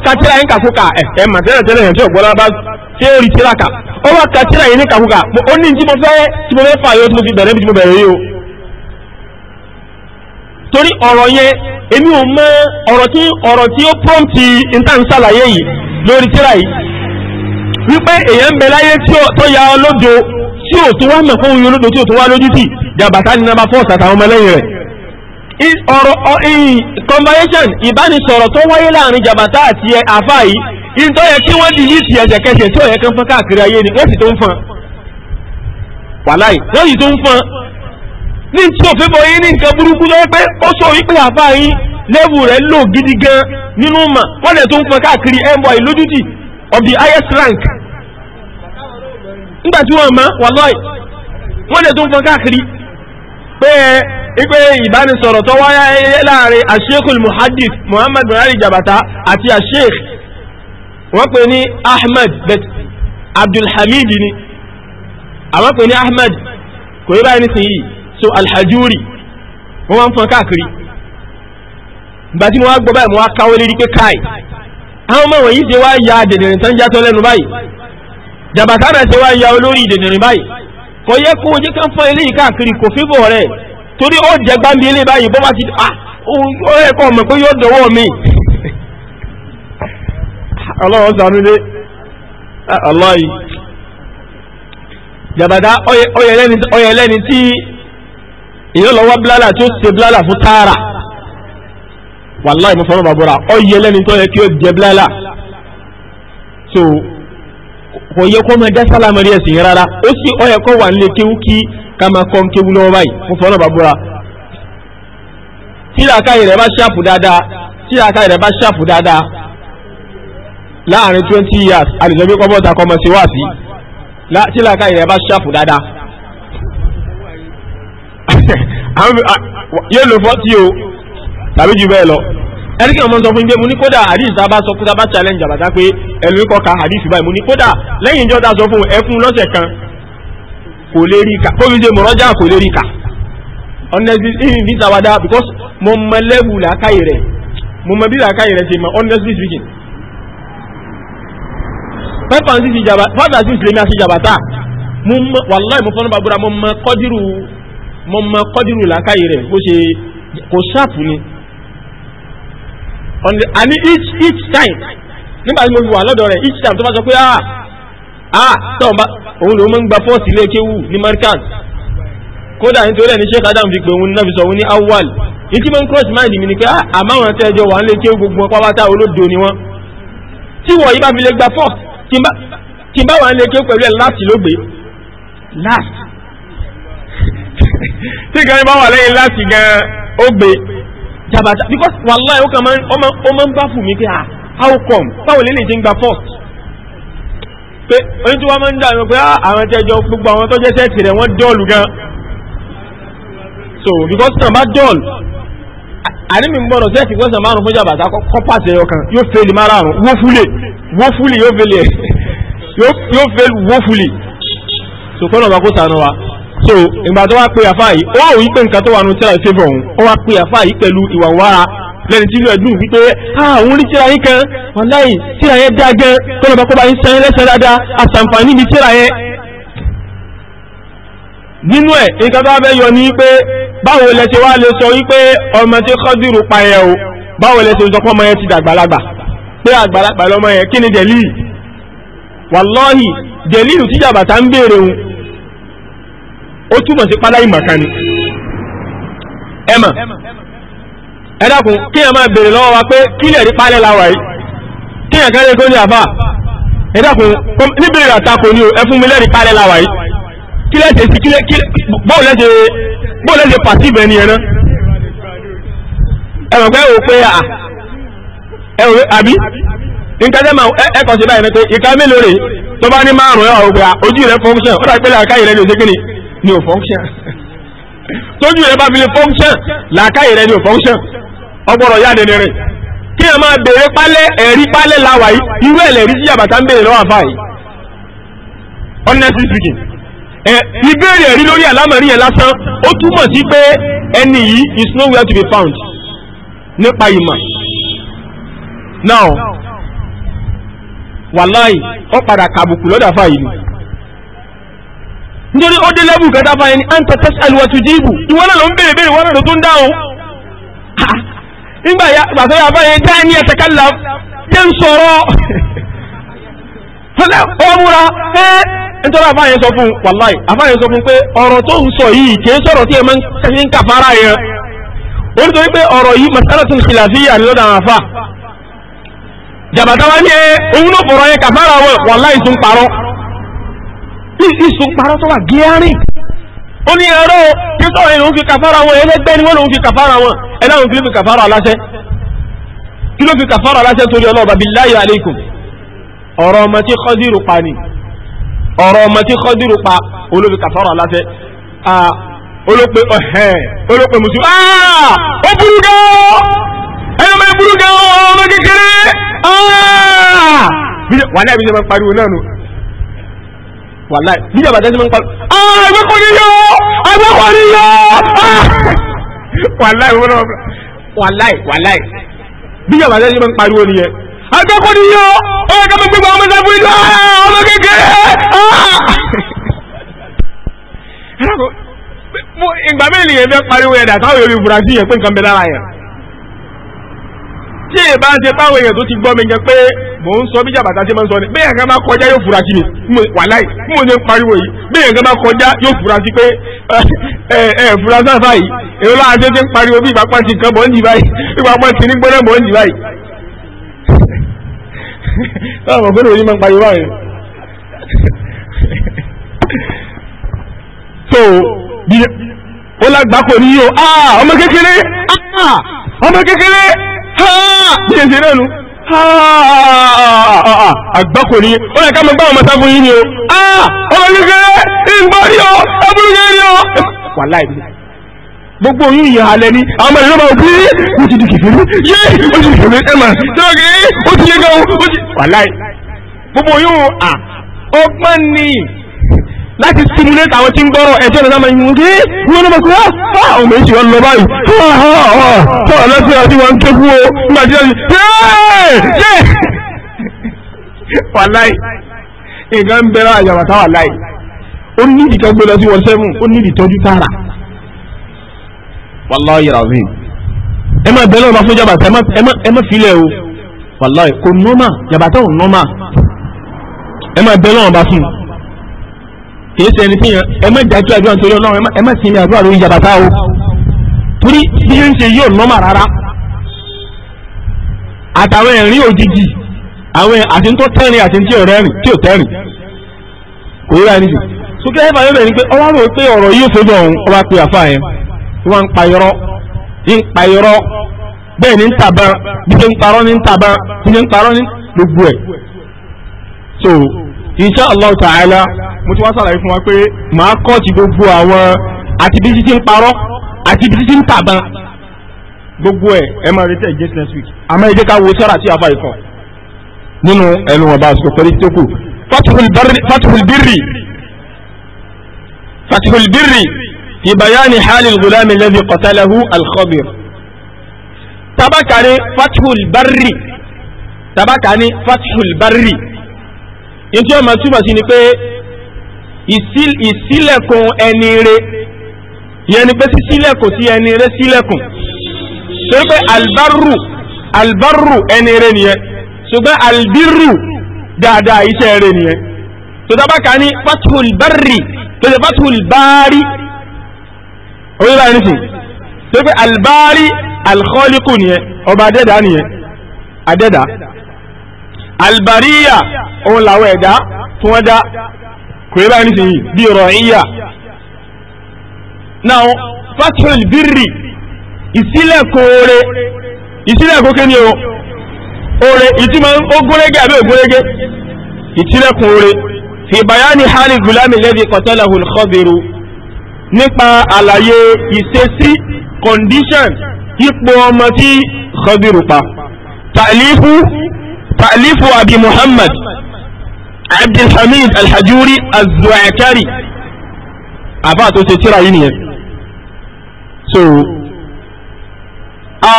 [SPEAKER 1] ka tíra yìí kàkúkà ẹ̀ ẹ̀ mà tẹ́lẹ̀ tẹ́lẹ̀ yẹn tí ò gbọ́dọ̀ bá tí ó rí tíra kà ó wá ka tíra yìí ní ó ní tí mo fẹ́ tí mo fẹ́ fà yóò tí mo fi bẹ̀rẹ̀ bí tí mo bẹ̀rẹ̀ yìí o torí ọ̀rọ̀ yẹn èmi ò mọ ọ̀rọ̀ tí ọ̀rọ̀ tí ó yìí lórí tíra yìí wípé ya ọlọ́jọ́ tí ò tó wá mọ̀ fún oyin olódò tí ò tó wá lójú tì jàbàtà ní nàbà fọ́ọ̀sì àtàwọn ọmọlẹ́yìn rẹ̀ ọ̀rọ̀ conversation ìbánisọ̀rọ̀ tó wáyé láàrin jàbàtà àti àfà yìí ìtọ́ yẹ kí wọ́n di yìí ti ẹ̀jẹ̀kẹsẹ̀ tí ò yẹ kán fún káàkiri ayé ni wọ́n sì tó ń fọn wàláì wọ́n sì tó ń fọn ní tí ò fẹ́ bọ yín ní nǹkan burúkú lọ́wọ́ pé ó sọ wípé àfà yín lẹ́bù rẹ̀ lò gidi gan nínú mà wọ́n lẹ̀ tó ń fọn káàkiri ẹ̀ ń bọ̀ àìlójútì of the highest rank nígbà tí wọ́n mọ́ wàlọ́ì wọ́n lè tún fọn káàkiri pé ipe ìbánisọ̀rọ̀ tó wáyá láàrin àṣekùl muhaddis muhammad buhari jabata àti àṣeik wọ́n pè ní ahmed bet abdulhamid ni àwọn pè ní ahmed kò yí báyìí nísìnyí so alhajuri wọ́n máa ń fọn káàkiri ìgbà tí wọ́n á gbọ́ báyìí wọ́n á káwọ́ lérí pé káì àwọn ọmọ wọ̀nyí ti wá ya dèdèrè tán yàtọ̀ lẹ́nu báyìí jàbàtà rẹ̀ ṣe wá ya olórí ìdènìrìn báyìí kò yẹ kó ojú kan fún eléyìí káàkiri kò fíbọ̀ rẹ̀ torí ó jẹ gbáǹbí ilé báyìí bó bá ti ah, ó yẹ kó mọ̀ pé yóò dọwọ́ mi ọlọ́run sànú dé aláì jàbàtà ọyẹ lẹ́ni tí èyí lọ́wọ́ blálà tí ó ṣe blálà fún tààrà wàláì mo fọ́nà bàbúrà ọyẹ lẹ́ni tó yẹ kí ó jẹ blálà so kò yẹ kó máa dá sálámàrí ẹ̀sìn rárá ó sì ó yẹ kó wà nílé kéwú kí ká máa kọ́ kéwú lọ́wọ́ báyìí mo fọ́nà bàbúrà tírakáyì rẹ̀ bá ṣàpù dáadáa tírakáyì rẹ̀ bá ṣàpù dáadáa láàrin twenty years àlùjọ́bí kọ́ bọ́ta kọ́ mọ̀ sí wá sí tírakáyì rẹ̀ bá ṣàpù dáadáa yóò lò fọ́tí o tàbí jù bẹ́ẹ̀ lọ ẹni kí ọmọ sọ fún mi pé mo ní kódà hadith tá a bá sọ fún tá challenge àbàtà pé ẹlòmí kọ́ ka hadith báyìí mo ní kódà lẹ́yìn ìjọ tá a sọ fún ẹ fún lọ́sẹ̀ kan kò lè rí ka kóbi ṣe mọ̀rọ́jà kò lè rí ka honestly even if it's because mo mọ lẹ́wù làákàyè rẹ̀ mo mọ bí làákàyè rẹ̀ ṣe mọ honestly speaking pẹ́pà ń sì jàbá fọ́dà sí ìsìlẹ̀mí àti jàbátà mo mọ wàláì mo fọ́nà bàbúrà mo mọ kọ́dírù mo mọ kọ́dírù làákàyè rẹ̀ kò on the àní each each time nígbà tí mo fi wà lọ́dọ̀ rẹ̀ each time tó bá sọ pé ah ah tọ́ bá òun lòun máa ń gba fọ́ọ̀sì ilé kéwù ní markaz kódà nítorí ẹni Sheikh Adam fi pé òun náà fi sọ òun ní awwal ìtí mo ń cross mind mi ni pé ah àmáwọn tẹ́ ẹjọ́ wà ń lé kéwù gbogbo wọn pátá olódo ni wọn tí wọ̀ yí bá fi lè gba fọ́ọ̀sì tí n bá wà ń lé kéwù pẹ̀lú ẹ̀ láti ló gbé láti tí kan bá wà lẹ́yìn láti gan ó gbé jabata because wàláì ó kàn máa ó máa ń bá fún mi pé ah how come báwo lè lè jẹ́ ń gba first pé oyún tí wọ́n máa ń dà ní pé ah, àwọn tẹ́jọ gbogbo àwọn tó jẹ́ sẹ́ẹ̀sì rẹ̀ wọ́n dọ́ọ̀lù gan so because náà bá dọ́ọ̀lù àníbi ń gbọ́dọ̀ sẹ́ẹ̀sì gbọ́sẹ̀ márùn fún jabata kọ́ pàṣẹ ọkàn yóò fẹ́lì márùn wó fúlẹ̀ wó fúlẹ̀ yóò fẹ́lì ẹ̀ yóò fẹ́lì wó fúlẹ̀ so kọ́nà bá kó sànú wa so ìgbà tó wá pé àfáà yìí ó àwọn wípé nǹkan tó wà nù tíra ìfẹ́fọ̀ òun ó wá pé àfáà yìí pẹ̀lú ìwà wára lẹ́ni tí inú ẹ̀dùn wípé àwọn orí tíra yín kan wàláì tíra yẹn dá gan kọ́nà bá kọ́ba yín sẹ́yìn lẹ́sẹ̀ dáadáa àtàǹfààní ni tíra yẹn. nínú ẹ̀ nǹkan tó wá fẹ́ yọ ni wípé báwo lẹ ṣe wá lè sọ wípé ọmọ tí kọ́dùrú pa yẹn o báwo lẹ ṣe sọ pé ọmọ yẹn ti ó túmọ̀ sí pálá ìmọ̀kan ni ẹ mọ̀ ẹ dákun kí ẹ máa béèrè lọ́wọ́ wa pé kí lè rí pálẹ̀ la wà yìí kí ẹ kẹ́lẹ́ kó ní àfà ẹ dákun níbi ìrìn àtakò ni ẹ fún mi lẹ́rìí pálẹ̀ la wà yìí kí lẹ́sẹ̀ sí kí lẹ́sẹ̀ bọ́ọ̀ lẹ́sẹ̀ bọ́ọ̀ lẹ́sẹ̀ pàtí ìbẹ̀ ni ẹ náà ẹ mọ̀ pé ò pé à ẹ ò àbí nǹkan tẹ́ máa ẹ kọ̀ sí báyìí pé ìka mélòó rè tó bá ní márùn-ún ẹ̀ ọ̀gbà ojú rẹ̀ fọ́nkṣẹ̀ ó dàgbélé ni ò function tójú rẹ bá fi lè function làákàyè rẹ ni ò function ọgbọ́dọ̀ yá dẹni rìn kí ẹ máa béèrè pálẹ̀ ẹ̀rí pálẹ̀ làwà yìí irú ẹ̀ lẹ̀rí sí àbàtà ń béèrè lọ́wọ́ àfáà yìí honestly speaking ẹ ìbéèrè ẹ̀rí lórí àlámọ̀rí yẹn lásán ó túmọ̀ sí pé ẹni yìí is nowhere to be found nípa ìmọ̀ now wàláì ó padà kàbùkù lọ́dọ̀ àfáà nítorí ó dé lẹ́bù kẹta báyìí ni anta tas'al wa tujibu ìwọ náà ló ń béèrè béèrè wọn náà ló tó ń dáhùn nígbà tó yà báyìí dá ní ẹ̀tẹ̀kálà jẹ́ ń sọ̀rọ̀ ọmúra ẹ́ nítorí àfáàyẹ sọ fún wàláì àfáàyẹ sọ fún pé ọ̀rọ̀ tó ń sọ yìí kìí sọ̀rọ̀ tí ẹ máa ń kàfàrà yẹn ó ní torí pé ọ̀rọ̀ yìí masalatun khilafiyya ni lọ́dà àfà jàbàtà wá ní ẹ òun ló fọ̀rọ̀ yẹn kàfàrà wọn wàláì tún parọ́ tí ìsù parọ́ tó wà gíárìn ó ní ẹ̀rọ kí sọ̀rọ̀ ìlú fi kàfàrà wọn ẹlẹ́gbẹ́ ni wọ́n lòun fi kàfàrà wọn ẹlẹ́wọ̀n fi fi kàfàrà aláṣẹ kí ló fi kàfàrà aláṣẹ torí ọlọ́ọ̀bà billahi alaykum ọ̀rọ̀ ọmọ tí Khadiru pa ni ọ̀rọ̀ ọmọ tí Khadiru pa olófi kàfàrà aláṣẹ olópe ọ̀hẹ́ olópe musu aaa ó burú gan ọ́ ẹni ọmọ ẹ burú gan ọ́ ọmọ kékeré aaa pariwo náà nù wàláì bí ìjàmbá tẹ́sí máa ń pa ah, ẹgbẹ́kọ̀ ni yọ ẹgbẹ́kọ̀ ni yọ wàláì wàláì wàláì bí ìjàmbá tẹ́sí máa ń pariwo nìyẹn ẹgbẹ́kọ̀ ni yọ ọ̀rẹ́ kẹ́mi gbígbà ọmọ ìsàfù ìlú ọmọ kékeré ah! ìgbà mélòó yẹn fẹ́ pariwo yẹn dà táwọn yóò fi fura sí yẹn nǹkan bẹ lára yẹn tí èyí bá ń ṣe báwọn èèyàn tó ti gbọ́ mi yẹn pé mò ń sọ bí jàbàtà ṣe máa ń sọ ni bẹ́ẹ̀ kan bá kọjá yóò fura sí mi wàláì bí mo ṣe ń pariwo yìí bẹ́ẹ̀ kan bá kọjá yóò fura sí pé ẹ ẹ fura sáfà yìí èrò láà ṣe ṣe ń pariwo bí ìpapá ti kan bọ̀ ń jì báyìí ìpapá ti ní gbọ́dọ̀ bọ̀ ń jì báyìí. báwo mo gbọ́dọ̀ yìí máa ń pariwo báyìí. so ó lágbàpọ̀ ní yìí o ah, ọmọ kékeré ah, ọmọ kékeré bí èsì náà nù àgbákò ní ó yẹ ká mọ gbáwọn mọ́tá fún yín ni o ọmọ kékeré ìgbọ́ ní ọ ẹbúrú ní ẹni ọ wà láìpẹ́ gbogbo oyún yìí halẹ̀ ní àwọn ọmọ ìlú máa bí ó ti di kìfìrí yé ó ti kìfìrí ẹ̀mà tẹ́lọ̀kì ó ti yé gan ó ti wà láì gbogbo oyún ọgbọ́n ni láti stimulate àwọn tí ń gbọ́rọ̀ ẹ̀jẹ̀ lọ́dá máa ń yún kí wọ́n lọ́mọ pé ọ́ ọmọ èsì ọ̀ lọ báyìí tó ọ̀họ̀ tó ọ̀lọ́sẹ̀ ọtí wọn ké fún o nígbà tí wọ́n yé wàláì nǹkan ń bẹ̀rẹ̀ àjàbàtà wàláì ó ní ìdí kan gbé lọ sí wọn sẹ́fún ó ní ìdí tọ́jú tààrà wàláì ràzín ẹ máa bẹ̀rẹ̀ ọba fún jàbàtà ẹ má filẹ̀ o wàláì kò nọ́mà jàbàtà ò nọ́mà ẹ máa bẹ̀rẹ̀ fún kìí ṣe ẹni tí yẹn ẹ má jájú àdúrà nítorí ọlọ́run ẹ má sinmi àdúrà lórí jàbàtà o torí bí yẹn ṣe yóò nọ́mà rárá àtàwọn ẹ̀rín òjijì àwọn àti tó tẹ́rin àti tí ò rẹ́rìn tí ò tẹ́rin kò rí ráyé nísìnyí sókè ẹ̀fà yóò bẹ̀rẹ̀ pé ọwọ́ rò pé ọ̀rọ̀ yóò fojú ọ̀hún ọba pé àfa yẹn wọ́n ń pa irọ́ ń pa irọ́ bẹ́ẹ̀ ni ń tàbá bí ṣe ń parọ́ ni ń tàbá bí ṣe ń parọ́ ni gbogbo ẹ̀ so insha allah ta'ala mo ti wá sàlàyé fún wa pé màá kọ́ ti gbogbo àwọn àti bí títí ń parọ́ àti bí títí ń tàbọn gbogbo ẹ̀ ẹ máa retí ẹ̀jẹ̀ next week àmọ́ ẹ jẹ́ ká wo sẹ́ra tí a bá ikọ̀ nínú ẹnu wọn bá a sọ pẹ̀lú ìtókù fatihul birri fatihul birri fi bayani hali gulami lẹ́bi qatalahu alkhabir tabakari fatihul barri tabakari fatihul barri ní tí ó máa túmọ̀ sí ni pé ìṣílẹ̀kùn ẹni re yẹn ni pé sísílẹ̀kùn sí ẹni re sílẹ̀kùn torí pé albarru albarru ẹni re nìyẹn ṣùgbọ́n albirru dáadáa iṣẹ́ re nìyẹn tó dábàkà ní fathul barri tó ṣe fathul bari orí bá ní sìn albari alkhọ́líkù nìyẹn ọba adẹ́dà nìyẹn adẹ́dà albariya òun làwọn ẹ̀dá tí wọ́n dá kò yẹ báyìí nísìnyí bí ọ̀rọ̀ ìyà now fathul birri ìsílẹ̀kùn oore ìsílẹ̀kùn kí ni o oore ìtumọ̀ ogúnrégé àbí ògúnrégé ìsílẹ̀kùn oore fi bayani hali gulami lẹ́bi kọ̀tẹ́lẹ̀ hulkọ́biru nípa àlàyé ìṣesí condition ipò ọmọ tí kọ́biru pa tàlífù tàlífù àbí muhammad عبد الحميد الحجوري الزعكري àbá tó ṣe tíra yìí nìyẹn so a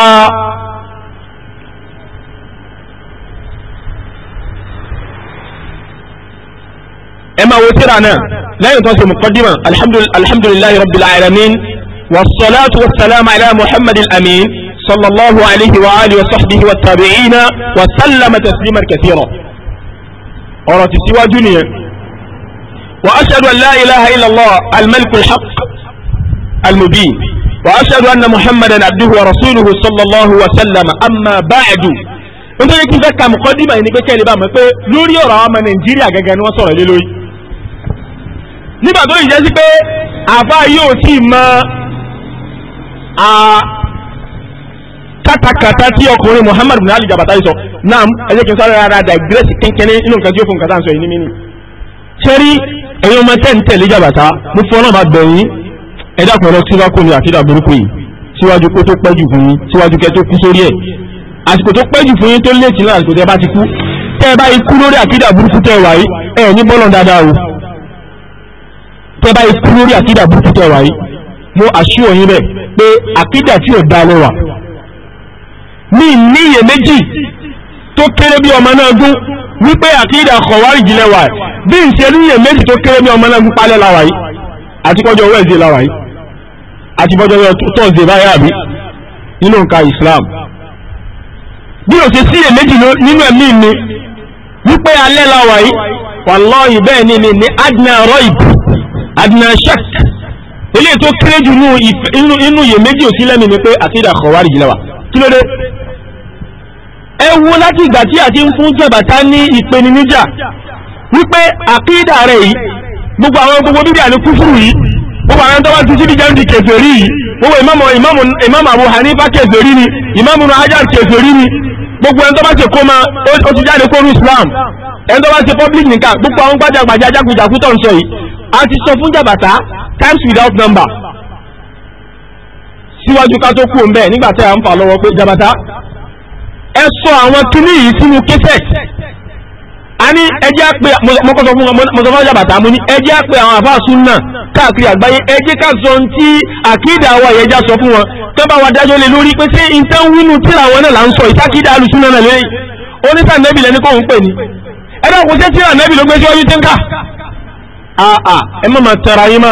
[SPEAKER 1] ẹ máa wo tíra náà lẹ́yìn tó ṣe muqaddima alhamdulilayi rabbil والصلاة والسلام على محمد الأمين صلى الله عليه وآله وصحبه والتابعين وسلم تسليما كثيرا ọ̀rọ̀ ti síwájú nìyẹn wa ashhadu an la ilaha illallah al-malik al-haq al-mubin wa ashhadu anna muhammadan abduhu wa rasuluhu sallallahu wa sallam amma ba'du nítorí kí n fẹ́ ka mọ̀kọ́dìmọ̀ yìí ni pé kẹ́lẹ́ bá mọ̀ pé lórí ọ̀rọ̀ àwọn ọmọ nàìjíríà gẹ́gẹ́ ni wọ́n sọ̀rọ̀ lé lórí nígbà tó yìí jẹ́ sí pé àbá yóò tí mọ kátàkátà tí ọkùnrin Muhammad bin Ali jabata yìí sọ náà ẹ jẹ́ kí n sọ ara digress kẹ́kẹ́rẹ́ inú nǹkan tí ó fún nǹkan tá à ń sọ yìí ní mímí. sẹ́rí ẹ̀yin ọmọ tẹ́ jabata mo fọ́ náà bá bẹ̀yìn ẹ̀dá kan lọ síwájú kò ní àkídà burúkú yìí síwájú kó tó pẹ́ jù fún yín síwájú kẹ́ tó kú sórí ẹ̀ àsìkò tó pẹ́ jù fún yín tó léètì náà àsìkò tẹ́ bá ti kú tẹ́ bá ikú lórí àkídà burúkú tẹ́ wà yìí ẹ̀ ní bọ́lọ̀ dáadáa o tẹ́ bá ikú lórí àkídà burúkú tẹ́ wà yìí mo àṣìwọ̀ yín bẹ́ẹ̀ pé àkídà tí ò dáa lọ ní níyè méjì tó kéré bí ọmọ náà gún wípé àkídà kọ̀wárì jìnlẹ̀ wà bí n ṣe níyè méjì tó kéré bí ọmọ náà gún palẹ̀ láwà yìí àti kọjọ wẹ́ẹ̀dẹ̀ láwà yìí àti kọjọ tọ́sdẹ̀ báyà bí nínú nǹka Islam bí o ṣe síyè méjì nínú ẹ̀mí mi wípé alẹ́ láwà yìí wàlọ́ọ̀yì bẹ́ẹ̀ ni mi ní adna roib adna shak eléyìí tó kéré jù nínú iyèméjì òsílẹ̀mí ni pé àkídà kọ̀wárì jìnlẹ̀ wà kí ló dé ẹ wo láti ìgbà tí àti ń fún jàbàtà ní ìpèníjà wípé àkídà rẹ̀ yìí gbogbo àwọn gbogbo bíbí àní kúfùrù yìí gbogbo àwọn tó wá ti síbi jẹun di kèfèrí yìí gbogbo ìmáàmù ìmáàmù ìmáàmù Abu Hanifa kèfèrí ni ìmáàmù Hajar kèfèrí ni gbogbo ẹni tó bá ṣe kó máa ó ti jáde kóru Islam ẹni tó bá ṣe public nìkan gbogbo àwọn gbajàgbajà ajagunjàkú tó ń sọ yìí a ti sọ fún jàbàtà times without number síwájú ká tó kú mbẹ nígbà tí a ń fà lọ́wọ́ pé jabata ẹ sọ àwọn kíní yìí sínú kẹsẹt a ní ẹjẹ́ pé mọ́kọ́sọ fún mọ́sọ́fọ́ jabata mo ní ẹjẹ́ pé àwọn àfa sunna káàkiri àgbáyé ẹjẹ́ ká sọ ohun tí àkídà wa ìyẹjà sọ fún wọn tó bá wa dájọ́ lé lórí pé ṣé n tán wínú tíra wọn náà là ń sọ ìtàkídà alùsùn náà lẹ́yìn onítàn nẹ́bì ní kò ṣe tíra nẹ́bì ló àà ah, ah, ẹ má ma tara yín mà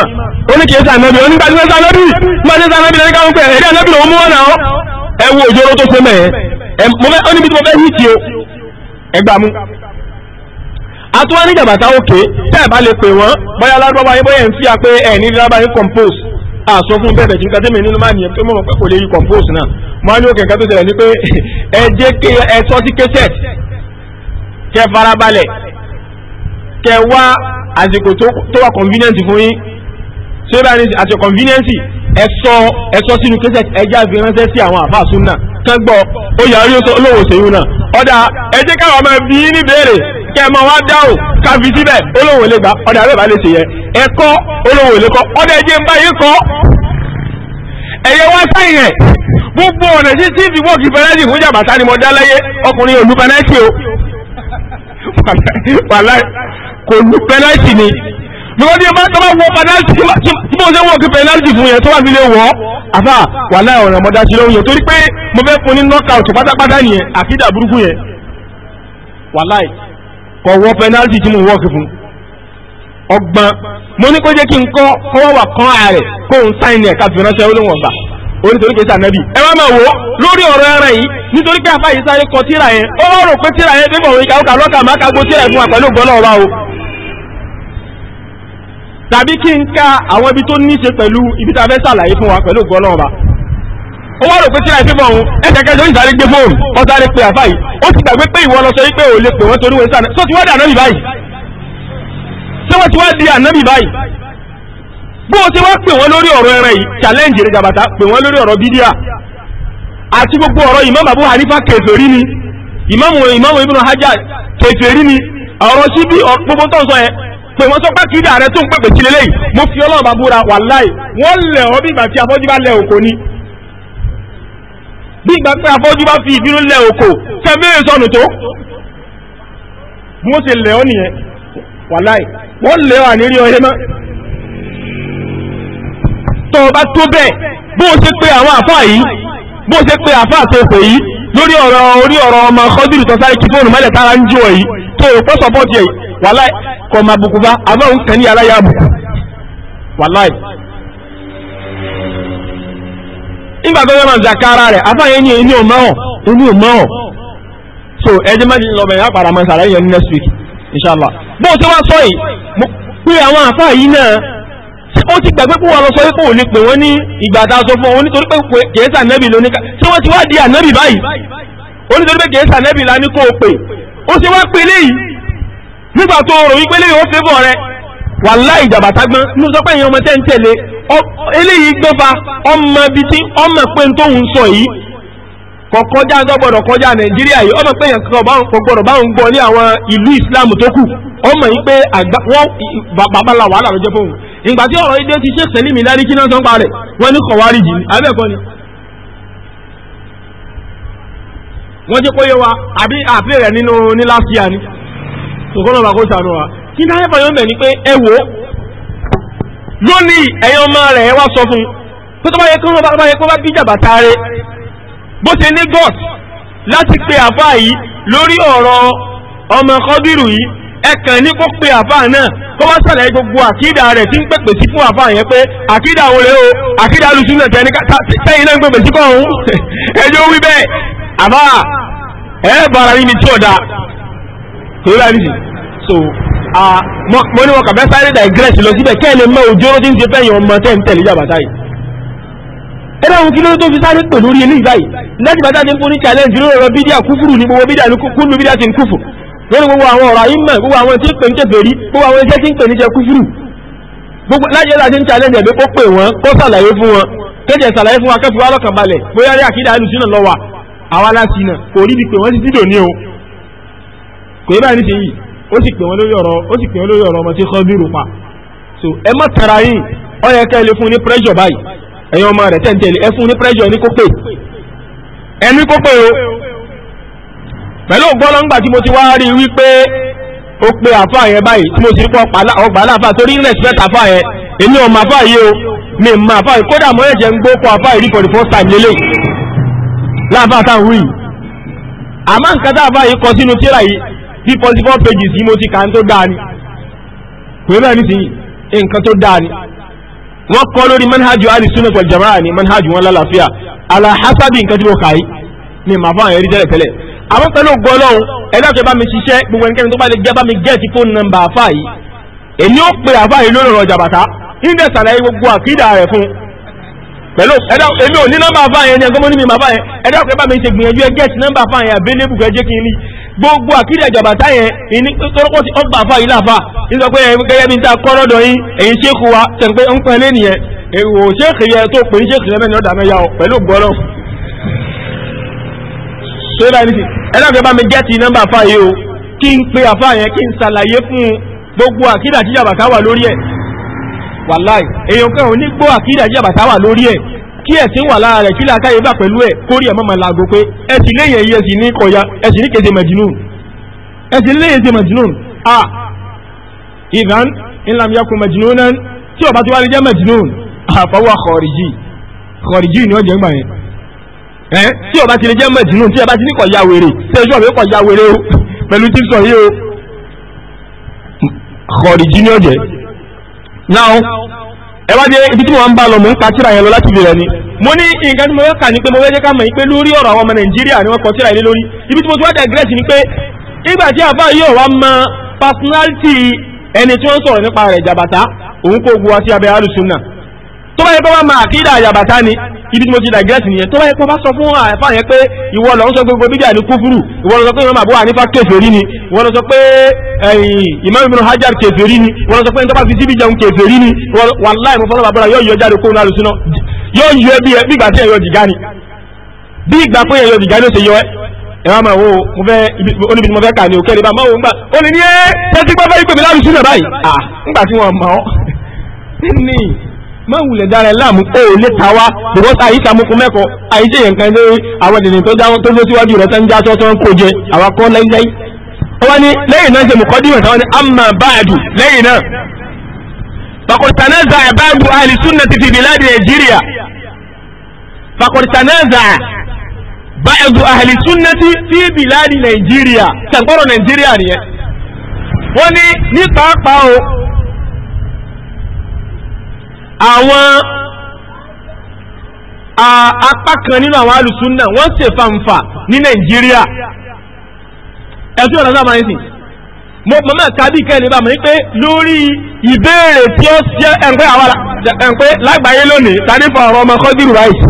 [SPEAKER 1] ó ní kìí sànẹ́bí ó ní gbàdúrà sànẹ́bí má ṣe sànẹ́bí lẹ́ni káwọn pé èdè ànẹ́bí lòún mú wọn náà ẹ wo òjòrò tó ṣe mẹ́ẹ̀ ó níbi tí mo fẹ́ yí ti o ẹ gbà mú. àtúwá ní jàbàtà òkè tẹ́ ẹ̀ bá lè pè wọ́n bóyá lárúbáwá yín bóyá ẹ̀ ń fi àpé ẹ̀ ní lábá yín compose àsọ fún bẹ́ẹ̀ bẹ̀ẹ̀ nǹkan tẹ́mi nínú máa nìyẹn tó mọ̀ pé kò lè yí compose náà mo á ní òkè nǹkan tó ṣẹlẹ̀ ní pé ẹ jẹ́ kí ẹ sọ sí cassette kẹ farabalẹ̀ kẹ wá àsìkò tó wà convenient fún yín tí ó bá ní àti convenient ẹ sọ ẹ sọ sínú kẹsẹ̀ ẹjá fi ránṣẹ́ sí àwọn àfáà súnà kán gbọ́ ó yà rí olówó sèyún náà ọ̀dà ẹ jẹ́ káwọn ọmọ ẹbí ní béèrè kẹ́ ẹ mọ wá dáhùn ká fi síbẹ̀ olówó lè gbà ọ̀dà bẹ́ẹ̀ bá lè ṣe yẹ ẹ kọ́ olówó lè kọ́ ọ̀dà ẹ jẹ́ ń báyìí kọ́ ẹ̀yẹ wá sáyìn ẹ̀ gbogbo ọ̀nà sí tv wọ́ọ̀kì fẹ́rẹ́sì fún jàbàtà ni mo dá láyé ọkùnrin olùfẹ́rẹ́sì o kò ní pẹ́nàlítì ni bíwọ́n tí bá tọ́wọ́ wọ pẹ́nàlítì tí mo ṣe wọ́n kí pẹ́nàlítì fún yẹn tó wà nílé wọ́ àfà wà láì ọ̀ràn mọ́dá sí lóhun yẹn torí pé mo fẹ́ fún ní knockout pátápátá nìyẹn àkídà burúkú yẹn wà láì kọ̀ wọ pẹ́nàlítì tí mo wọ́ kí fún ọgbọ́n mo ní kó jẹ́ kí n kọ́ kọ́wọ́ wà kán ààrẹ kó n sáìn ẹ̀ káfí ránṣẹ́ olóhùn ọ̀gbà onítorí kejì ànábì ẹ má máa wò ó lórí ọ̀rọ̀ ẹran yìí nítorí pé àfáà yìí sáré kọ tíra yẹn ó rò pé tíra yẹn débọ̀ òun ìkàwé kàlọ́kà má kagbo tíra yẹn fún wa pẹ̀lú ògbọ́n náà wá o tàbí kí n ka àwọn ibi tó ní ṣe pẹ̀lú ibi tá a fún wa pẹ̀lú ògbọ́n ọlọ́ọ̀ba ó wá rò pé tí àìsí bọ̀hún ẹ̀kẹ́kẹ́ tó ń sáré gbé fóònù ó sáré pé àfáà yìí ó ti gbàgbé pé ìwọ lọ sọ wípé ò lè pè wọ́n torí wọn sáré sọ ti wá di ànábì báyìí ṣé wọ́n ti wá di ànábì báyìí bó o ti wá pè wọ́n lórí ọ̀rọ̀ ẹran yìí challenge rẹ̀ jàbàtà pè wọ́n lórí ọ̀rọ̀ bídíà àti gbogbo ọ̀rọ̀ Imam Abu Hanifa kèfèrí ni Imam Imam Ibn Hajar kèfèrí ni ọ̀rọ̀ síbí gbogbo tó ń sọ yẹn pé wọ́n sọ pákídà rẹ tó ń pèpè sí lélẹ́yìn mo fi ọlọ́run bá búra wàláì wọ́n lẹ̀ ọ́ bí ìgbà tí afọ́jú bá lẹ̀ òkò ni bí ìgbà pé afọ́jú bá fi ìbínú lẹ̀ òkò fẹ́mẹ́rẹ́ sọnù tó bí wọ́n ṣe lẹ̀ ọ́ nìyẹn wàláì wọ́n lẹ̀ ọ́ àníri ọyẹ mọ́ tọ́ ọ bá tó bẹ́ẹ̀ bó o ṣe pé àwọn àfáà yìí bó o ṣe pé àfáà tó pè yìí lórí ọ̀rọ̀ orí ọ̀rọ̀ ọmọ kọ́dúrú tọ́sáré kí fóònù mẹ́lẹ̀ tára ń jó ẹ̀ yìí tó o pọ́ sọ́pọ́ọ̀tì ẹ̀ wàláì kọ́ máa bùkún bá abáwọn kan ní aláya àbùkù wàláì. nígbà tó yẹ́mà zakara rẹ̀ abáyé ní ẹni ò mọ́ ẹni ò mọ́ so ẹjẹ́ má jẹ́ lọ́bẹ̀ yẹn àpàrà máa sàlàyé yẹn ní next week inshallah bó o ṣe wá sọ yìí mo pé àwọn àfáà yìí náà ó ti gbàgbé pé wọ́n lọ sọ wípé ò lè pè ní ìgbà tá a sọ fún wọn nítorí pé kèésà nẹ́bì ló ní ká ṣé wọ́n ti wá di ànẹ́bì báyìí ó nítorí pé kèésà nẹ́bì la kó o pè ó ṣe wá pè léyìí nígbà tó rò wípé léyìn ó fẹ́ bọ̀ rẹ wà láì jàbàtà gbọ́n ní sọ pé èèyàn ọmọ tẹ́ ń tẹ̀lé eléyìí gbọ́fà ọmọ ibi tí ọmọ pé ń tóun sọ yìí kọjá ń kọjá nàìjíríà yìí ọmọ pé èèyàn kan islam tó kù ọmọ yìí pé wàhálà fóun ìgbà tí ṣe mi lárí kí náà ní jì tòkọ́nà bá kó sànú wa kí ní ayẹ́fà yóò bẹ̀ ni pé ẹ wò ó lónìí ẹ̀yàn ọmọ rẹ̀ ẹ wá sọ fún un tó tó bá yẹ kó bá yẹ kó bá bí jàbá taare bó ṣe ní gọ́t láti pe àbá yìí lórí ọ̀rọ̀ ọmọ kọ́dúrù yìí ẹ kàn ní kó pe àbá náà kó wá sàlàyé gbogbo àkídà rẹ̀ tí ń pèpè sí fún àbá yẹn pé àkídà wo rèé o àkídà lu sunlẹ̀ tẹ́ni tẹ́yìn náà ń pèpè sí kọ́ọ̀hún ẹjọ́ wí bẹ́ẹ̀ àbá ẹ bára yín ni tí ò dáa kò yíba nìyí so mo ní wọn kà fẹ́ sáré digress lọ síbẹ̀ kẹ́ ẹ̀ lè mọ òjòrò tí ń ṣe fẹ́yìn ọmọ tẹ́ ń tẹ̀lé jàbátá yìí ẹ̀rọ ohun kí ló tó fi sáré pè lórí eléyìí báyìí láti bàtà ti ń fún ní challenge lórí ọ̀rọ̀ bídíà kúfùrù ní gbogbo bídíà kúlù bídíà ti ń kúfù lórí gbogbo àwọn ọ̀rọ̀ ayímọ̀ gbogbo àwọn tí ń pè ní kèfèrí gbogbo àwọn iṣẹ́ tí ń pè ní jẹ kúfùrù gbogbo láti ẹ̀rọ àti ń challenge ẹ̀mí kó pè wọ́n kó sàlàyé fún wọn kéde sàlàyé fún wa kẹfì wa lọ́kàn balẹ̀ bóyá rí àkídà alùsùn náà lọ wà àwa láti náà kò rí bí pé wọ́n ti dídò ní o kò yẹ báyìí nísìnyí ó sì pè wọ́n lórí ọ̀rọ̀ ó sì pè wọ́n lórí ọ̀rọ̀ ọmọ tí kọ́ bírù pa so ẹ má tara yín ọ yẹ ká ẹ lè fún ní pressure báyìí ẹ̀yin ọmọ rẹ̀ tẹ̀ǹtẹ̀lẹ̀ ẹ fún ní pressure ẹni kó pè ẹni kó pè o pẹ̀lú ògbọ́nà ńgbà tí mo ti wá rí wípé ó pe àfa yẹn báyìí tí mo sì rí pọ̀ ọgbà láfa torí respect àfa yẹn èmi ò mà àfa yìí o mi mà àfa yìí kódà mo ẹ̀jẹ̀ ń gbó pọ̀ àfa yìí rí for the first time lélẹ̀ láàfà táwọn wí àmọ́ nǹkan tá àfa yìí kọ sínú tíra yìí tí forty four pages yìí mo ti kà ń tó dáa ni kò ní bẹ́ẹ̀ nísìnyí nǹkan tó dáa ni wọ́n kọ́ lórí manhaj ali sunna wal jamaa ni manhaj wọn lálàáfíà alahasabi nǹkan tí mo kà yìí ni màá fún àwọn ẹ̀rí tẹ́lẹ̀ tẹ́lẹ̀ àwọn pẹ̀lú gbọ́lọ́hún ẹ̀dá tó bá mi ṣiṣẹ́ gbogbo ẹnikẹ́ni tó bá lè jẹ́ bá mi gẹ́ẹ̀tì fóònù nọ́mbà àfà yìí èmi ó pe àfà yìí lórí ọ̀rọ̀ jàbàtà nígbà sàlàyé gbogbo àkídà rẹ̀ fún pẹ̀lú ẹ̀dá èmi ò ní nọ́mbà àfà yẹn ní ẹgbẹ́ mọ́ ní mi màfà yẹn ẹ̀dá tó bá mi ṣe gbìyànjú ẹ gẹ́ẹ̀tì nọ́mbà àfà yẹn àbẹ́lẹ́bù kẹ́ jẹ́ kí n ní gbogbo àkídà ìjọba táyẹn ìní tọ́rọ́pọ̀ tí ó gbà fà yìí láfà nígbà pé ẹ̀yìn gẹ́gẹ́ bí ta kọ́ lọ́dọ̀ yín èyí ṣéèkù wa tẹ̀pẹ́ ń pẹ́ lé nìyẹn èrò ṣéèkì yẹ tó pè ní ṣéèkì lẹ́mẹ́ni ọ̀dà mẹ́ya pẹ̀lú gbọ́rọ̀ tó yẹ báyìí ẹ bá mi gẹ́tì nọ́mbà fà yìí o kí n pe àfà yẹn kí n ṣàlàyé fún gbogbo àkídà tí jàbàtà lórí ẹ̀ wàláì èèyàn kan ò ní gbọ́ àkídà tí jàbàtà lórí ẹ̀ kí ẹ̀sìn wà lára rẹ̀ kí làákàyè bá pẹ̀lú ẹ̀ kórì ẹ̀ mọ́mọ́ làgò pé ẹ̀sìn léyìn èyí ẹ̀sìn ní kọ̀ya ẹ̀sìn ní kéde majnun ẹ̀sìn léyìn èsì majnun a ìdán lam yakun majnunan tí ó bá ti lè jẹ́ majnun àfọwọ́ kọ̀ọ̀rìjì kọ̀ọ̀rìjì ni ó jẹ́ gbà yẹn ẹ́ tí ó bá ti lè jẹ́ majnun tí ó bá ti ní kọ̀ya wèrè tí ojú ọ̀bẹ kọ̀ya wèrè o pẹ̀lú tí sọ yìí o kọ̀ọ̀rìjì ni ó jẹ́ now ẹ wá dé ibi tí mo ń bá lọ mo ń ka tíra yẹn lọ láti ilé rẹ ni mo ní nǹkan tí mo fẹ́ kà ní pé mo fẹ́ jẹ́ ká mọ̀ yín pé lórí ọ̀rọ̀ àwọn ọmọ nàìjíríà ni wọ́n kọ tíra ilé lórí ibi tí mo ti wá digress ni pé nígbà tí àbá yóò wá mọ personality ẹni tí wọ́n sọ̀rọ̀ nípa rẹ̀ jàbàtà òun kò gbowó sí abẹ́ alùsùn náà tó bá yẹ pé wọ́n máa jàbàtà ni ibi tí mo ti digress nìyẹn tó bá yẹ pé bá sọ fún àfáà yẹn pé ìwọ lọ ń sọ gbogbo bíjà ní kúfúrú ìwọ lọ sọ pé ìmọ̀mọ̀ àbúwà nípa kèfèrí ni ìwọ lọ sọ pé Imam Ibn Hajar kèfèrí ni ìwọ lọ sọ pé nítorí síbi jẹun kèfèrí ni wàláì mo fọlọ́ bàbá yóò yọ jáde kó náà lùsùnà yóò yọ bí ẹ bígbà tí ẹ yọ dìgá ni bí ìgbà pé ẹ yọ dìgá ló ṣe yọ ẹ ẹ wá máa wo mo fẹ́ oníbi tí mo fẹ́ kà ní òkè ní bá máa wo ń gbà ó lè ní ẹ tẹ́tí gbọ́ fẹ́ ìpèmí lálùsùnà báyìí à ń gbà tí wọ́n mọ̀ ọ́ ní máa wùlẹ̀ dára láàmú ó lè ta wá bùkọ́sí àyíká mú kún mẹ́kọ̀ọ́ àyíṣe yẹn kan lórí àwọn ènìyàn tó jáwọ́ tó síwájú rẹ̀ tán já tọ́tọ́ ń kó jẹ àwọn akọ́ láíláí. wọ́n ní lẹ́yìn náà ṣe mùkọ́dìmọ̀ táwọn ní amma ba'du lẹ́yìn náà. faqad tanaza'a ba'du ahli sunnati fi biladi Nigeria faqad tanaza'a ba'du ahli sunnati fi biladi Nigeria sàgbọ́rọ̀ Nigeria nìyẹn. wọ́n ní ní pàápàá o àwọn apá kan nínú àwọn alùsúnnà wọ́n ṣe fanfà ní Nàìjíríà ẹ̀sùn ọ̀nà sáà máa ń sìn mo mọ̀mọ́ tàbí kẹ́ni bá mọ̀ pé lórí ìbéèrè tí ó ṣe ẹ̀ǹpẹ́ lágbàáyé lónìí tàbí fún ọ̀rọ̀ ọmọ kọ́dìrú ráìsì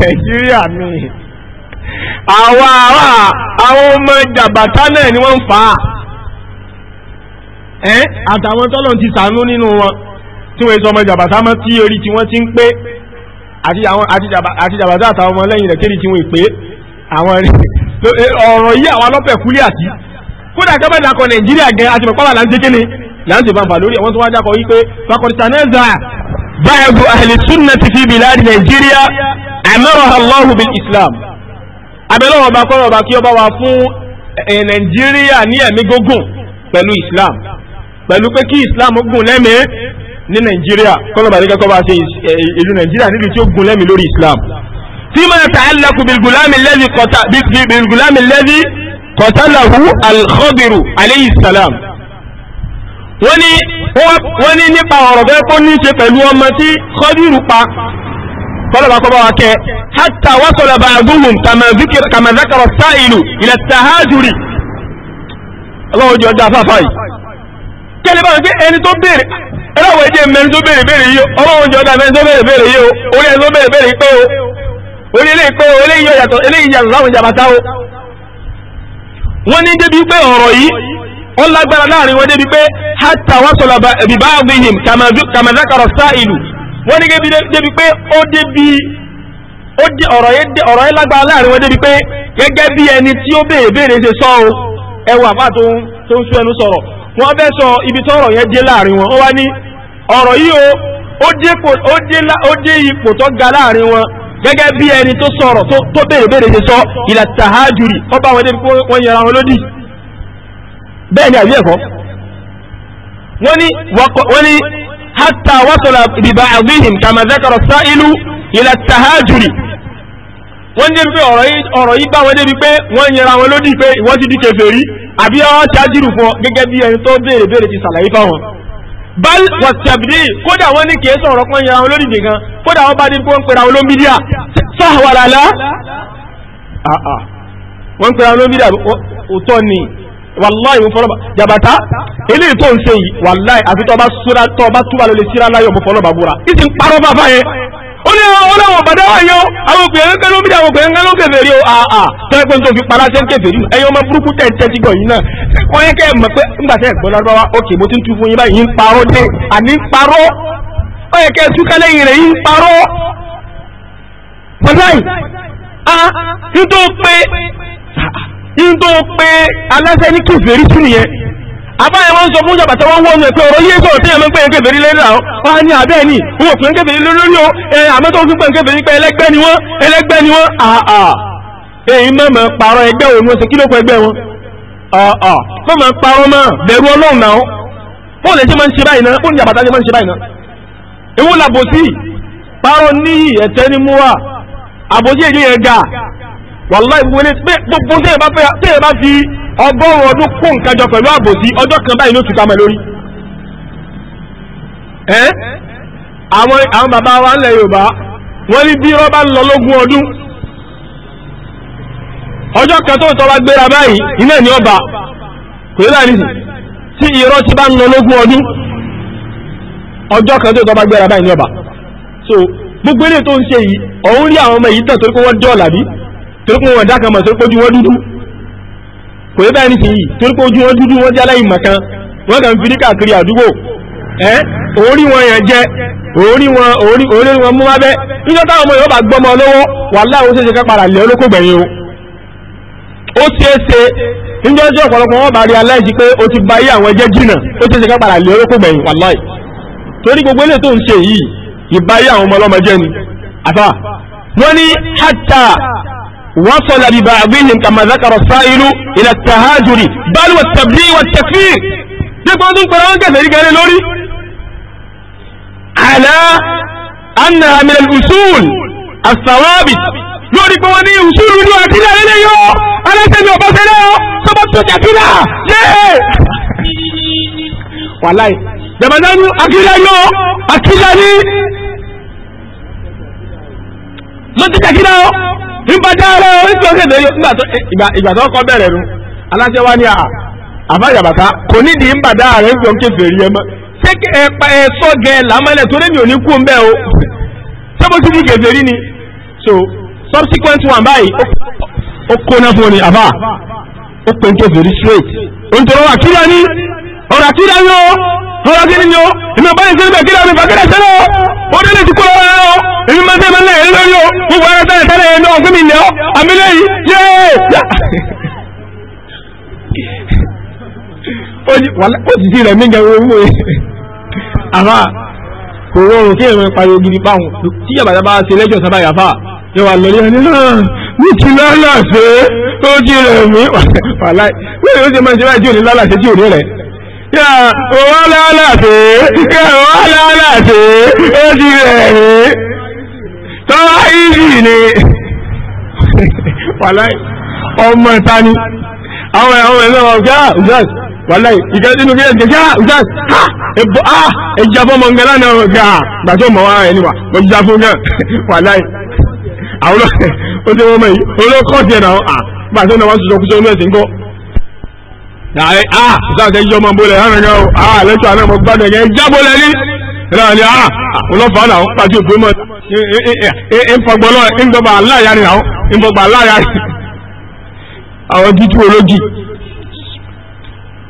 [SPEAKER 1] Nàìjíríà mi àwọn ará àwọn ọmọ jàbàtà náà ni wọ́n ń fà á àtàwọn tọ́lọ̀ ti sàánú nínú wọn tí wọ́n sọmọ jàbàtà mọ́ tí orí tí wọ́n ti ń pé àti jàbàtà àtàwọn ọmọ lẹ́yìn rẹ̀ kéde tí wọ́n pé àwọn ọ̀rọ̀ yìí àwọn alọ́pẹ̀ kúlẹ̀ àti kódà jọba ìdàkọ̀ nàìjíríà gẹ àti mọ̀páwà láńtí kéne láńtí fanfà lórí ẹ̀wọ́n tó wá jákọ̀ wípé fakọ̀tánẹ́zà báyẹ̀gù ahli sunnati fi biladi nàìjíríà amaraha Allahu bil islam abẹ́lẹ́ ọba kọ́rọ̀ ọba kí ọba wa fún nàìjíríà ní ẹ̀mí gógùn pẹ̀lú islam pẹ̀lú pé kí islam gùn lẹ́mìí ní nàìjíríà kọ́lọ́bà ní kọ́kọ́ bá ṣe ìlú nàìjíríà níbi tí ó gun lẹ́mi lórí islam tí máa ta aláku bilgulami lẹ́dí kọ̀tàláhu alkhadiru aleyhi salam wọ́n ní nípa ọ̀rọ̀ bẹ́ẹ̀ kó ní ṣe pẹ̀lú ọmọ tí khadiru pa kọ́lọ́bà kọ́ bá wa kẹ́ hatta wasala ba'duhum kama zakara sa'ilu ila tahajuri ọlọ́wọ́ jọjọ́ afáfáì kẹ́lẹ́ bá wọn pé ẹni tó béèrè ẹlọ́wọ̀ ẹjẹ́ mẹ́rin tó bèèrè bèèrè yìí ọlọ́run jọ dá mẹ́rin tó bèèrè bèèrè yìí orí ẹ̀ tó bèèrè bèèrè pé o orí ilé pé o eléyìí yàtọ̀ eléyìí yàtọ̀ láwọn ìjàmbátá o wọ́n ní débi pé ọ̀rọ̀ yìí ó lágbára láàrin wọn débi pé hátà wọ́n sọ̀rọ̀ bìbá àgbìyìm kàmàzákàrọ̀ sá ìlú wọ́n ní débi pé ó débi ó dé ọ̀rọ̀ yẹn lágbára láàrin wọn débi pé gẹ́gẹ́ bí ẹni tí ó bèèrè bèèrè ṣe sọ ẹwà fà tó ń sún ẹnu sọ̀rọ̀ wọ́n fẹ́ sọ ibi tọ́rọ̀ yẹn dé láàrin wọn ó wá ní ọ̀rọ̀ yìí ó dé ipò tó ga láàrin wọn gẹ́gẹ́ bí ẹni tó sọ̀rọ̀ tó bèèrè bèèrè ṣe sọ ìlà tàhájúrì ó bá wọn débi wọ́n yẹra wọn lódì bẹ́ẹ̀ ni àbí ẹ̀kọ́ wọ́n ní hatta wasala bíbá àgbìhìm kama zakara sa'ilu ìlà tàhájúrì wọ́n débi pé ọ̀rọ̀ yìí bá wọn débi pé wọ́n yẹra wọn lódì pé ìwọ́n ti di kèfèrí àbí ọ ṣáájúrù fún ọ gẹ́gẹ́ bí ẹni tó béèrè béèrè ti ṣàlàyé fáwọn bal wàtàbídé kódà wọ́n ní kìí sọ̀rọ̀ pọ́n yẹra olódìdè gan kódà wọ́n bá dín pé wọ́n pera olómídíà sáhàwàlálá àà wọ́n pera olómídíà òtọ́ ni wàláì mú fọlọ́bà jàbàtà eléyìí tó ń ṣe yìí wàláì àfi tọ́ bá túbà lólè síra láyọ̀ mú fọlọ́bà búra ìsìn parọ́ bàbá yẹn onye ní ọlọ́wọ̀ bàdá wà yọ àwọn òpèrè ńkẹ́ ló ń bí àwọn òpèrè ńkẹ́ ló ń o àà tẹ́lẹ̀pẹ́ tó fi para ṣe ń eyi ẹ̀yọ́ ọmọ burúkú tẹ̀ǹtẹ̀ ti gbọ̀n yìí náà kọ́ yẹn kẹ́ mọ̀ pé ńgbà tẹ́ ẹ̀gbọ́n yi òkè mo ti ń tu fún yín báyìí àbáyé wọn sọ fún ìjọba tí wọ́n wọ́n ní ẹ̀pẹ́ ọ̀rọ̀ yíé sọ̀rọ̀ tí ẹ̀mọ́ pé ẹ̀kẹ́ bèrè lẹ́rà ọ́ wá ní àbẹ́ ní wọn pè ń lórí o àmọ́ tó fún pé ẹ̀kẹ́ bèrè pé ẹlẹ́gbẹ́ ni wọ́n ẹlẹ́gbẹ́ ni wọ́n àà èyí mọ̀mọ̀ pààrọ̀ ẹgbẹ́ òun ó ṣe kí ló pọ̀ ẹgbẹ́ wọn ọ̀ọ̀ mọ̀mọ̀ pààrọ̀ mọ̀ bẹ̀rù ọlọ́run náà fóònù ẹ̀jẹ̀ máa ń ṣe báyìí náà fóònù ìjàbàtà ẹ̀jẹ̀ máa ń ṣe báyìí náà ewu làbòsí pààrọ̀ ọgọ́rùn ọdún kó nǹkan jọ pẹ̀lú àbòsí ọjọ́ kan báyìí ló tù ká mọ̀ lórí ẹ́ àwọn àwọn bàbá wa ńlẹ̀ Yorùbá wọ́n ní bí rọ́bà ń lọ lógún ọdún ọjọ́ kan tó ń tọ́ bá gbéra báyìí iná ní ọba kò yílá nìsí tí irọ́ ti bá ń lọ lógún ọdún ọjọ́ kan tó tọ́ bá gbéra báyìí ní ọba so gbogbo eré tó ń ṣe yìí ọ̀hún rí àwọn ọmọ yìí tàn torí pé wọ́n dọ́ọ̀là bí torí pé wọ́n dá torí pé ojú wọn dúdú kò yẹ báyìí nísìnyí torí pé ojú wọn dúdú wọn jẹ́ aláìmọ̀ kan wọ́n kàn fi ní káàkiri àdúgbò ẹ́ orí wọn yẹn jẹ́ orí wọn orí orí wọn mú wá bẹ́ nígbà táwọn ọmọ yóò bá gbọ́mọ lọ́wọ́ wàláhì ó ṣeéṣe ká padà lé olóko gbẹ̀yìn o ó ṣeéṣe níjọ́ sí ọ̀pọ̀lọpọ̀ wọn bá rí aláìsí pé ó ti ba ayé àwọn ẹjẹ́ jìnà ó ṣeéṣe ká padà lé olóko gbẹ̀yìn wàláhì torí gbogbo ilé tó ń ṣe yìí ìbáyé àwọn ọmọ ọlọ́mọ jẹ́ ni àfà wọ́n ní hátà وصل ببعضهم كما ذكر السائل إلى التهاجر بل والتبليغ والتكفير dípò ọdún pẹ̀lú àwọn kẹfẹ̀rí gẹ̀rẹ́ lórí àlá anna amìlẹ̀ usul asawabi lórí pé wọ́n ní usul ní àkílà nílé yóò alẹ́sẹ̀mí ọba fẹ́lẹ́ ọ́ sọ́bọ̀ tó jàkílà yẹ́ wàláì jẹ̀mọ̀dánú àkílà yóò àkílà ní lọ́tí jàkílà ọ́ nípa dára oríṣiríṣi ìgbà tó kọ́ bẹ̀rẹ̀ nu aláṣẹ wa ah, ní àbájábàtà kò nídìí ń bà dára ń sọ kéfèé rí ẹ mọ́ ṣé ẹ sọ gẹ lámọ́lẹ̀ tó lẹ́mìí òní kú ń bẹ́ o ṣé mo ti di kéfèé rí ni so subsequent one báyìí ó kó náà fún ni àbá ó pè ń kéfèé rí straight ó ń tọrọ wà kíra ní ọ̀rọ̀ àkíra yóò ọ̀rọ̀ kí ni o èmi ò bá lè ṣe níbẹ̀ kí lóòrùn ìfàkẹ́lẹ̀ tẹ́lẹ̀ o ó dé lè ti kó lọ́wọ́ rẹ o èmi máa ń tẹ́lẹ̀ máa ń lẹ́yìn lórí o gbogbo ara tẹ́lẹ̀ tẹ́lẹ̀ ẹni ọ̀gbìn mi ilẹ̀ o àmì lẹ́yìn yé ó ti di rẹ̀ mí gẹ̀rọ owó yẹn àmà kò rọrùn kí èmi pariwo gidi báwọn tí yàbàtà bá ṣe lẹ́jọ́ sábà yàfà yóò wà lórí ẹni náà ní ti lálàfẹ́ ó ti rẹ̀ mí wàláì wíwèé ó ti máa ń ṣe báyìí tí ò ní lálàfẹ́ tí ò ní rẹ̀ yà wà lálàsè yà wà lálàsè ó ti rẹ̀ ẹ́ tọ́wá ìzì ni wàláì ọmọ ìta ni àwọn ẹ̀họ́ ẹ̀lẹ́ wọn gbá ùsàs wàláì ìkẹ́ nínú kí ẹ̀jẹ̀ gbá ha ẹ̀bọ̀ á ẹ̀jẹ̀ abọ́ mọ̀ngàlá náà gbà gbàtọ́ mọ̀ wá ẹni wà mo jíjà fún gan wàláì àwọn olókọ́ tiẹ̀ náà gbàtọ́ náà wọ́n ti sọ kúṣọ́ inú dàrẹ́ a sáàtẹ́ yíyọ́ máa bolẹ̀ hàn gẹ́gẹ́ o a ah, lẹ́tọ̀ àná mo gbádùn ẹ̀gẹ́ já bolẹ̀ ní ìlànà ni a ah, ọlọ́fàá náà pàtó ìpè mọ́ ìfọgbọ́lọ́ eh, eh, eh, ìfọgbà aláya ni àwọn ìfọgbà aláya ni àwọn gíjú olójì.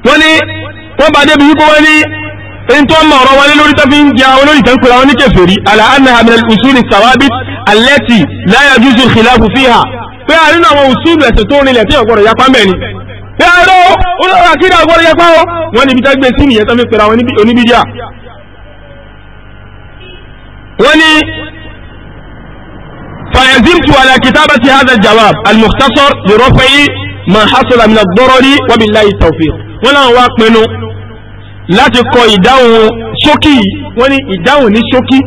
[SPEAKER 1] wọ́n ní wọ́n bá débi wípé wọ́n ní ntọ́ ma ọ̀rọ̀ wọlé lórí tó fi ń jẹ àwọn olórí tán kura wọn ní kẹfẹ́rí àlà annaha min al-usul as-sawabit ẹ̀rọ olóòrò àkídà ọgbọ́rọ̀ yẹpá ọ wọ́n níbi jágbé sí ìyẹn tó fi pẹ̀lú àwọn oníbídíà wọ́n ní fàyẹ̀zìmtù ala kitabati hadha jawab al-mukhtasar li raf'i ma hasala min ad-darari wa billahi tawfiq wọ́n láwọn wá pinnu láti kọ ìdáhùn ṣókí wọ́n ní ìdáhùn ní ṣókí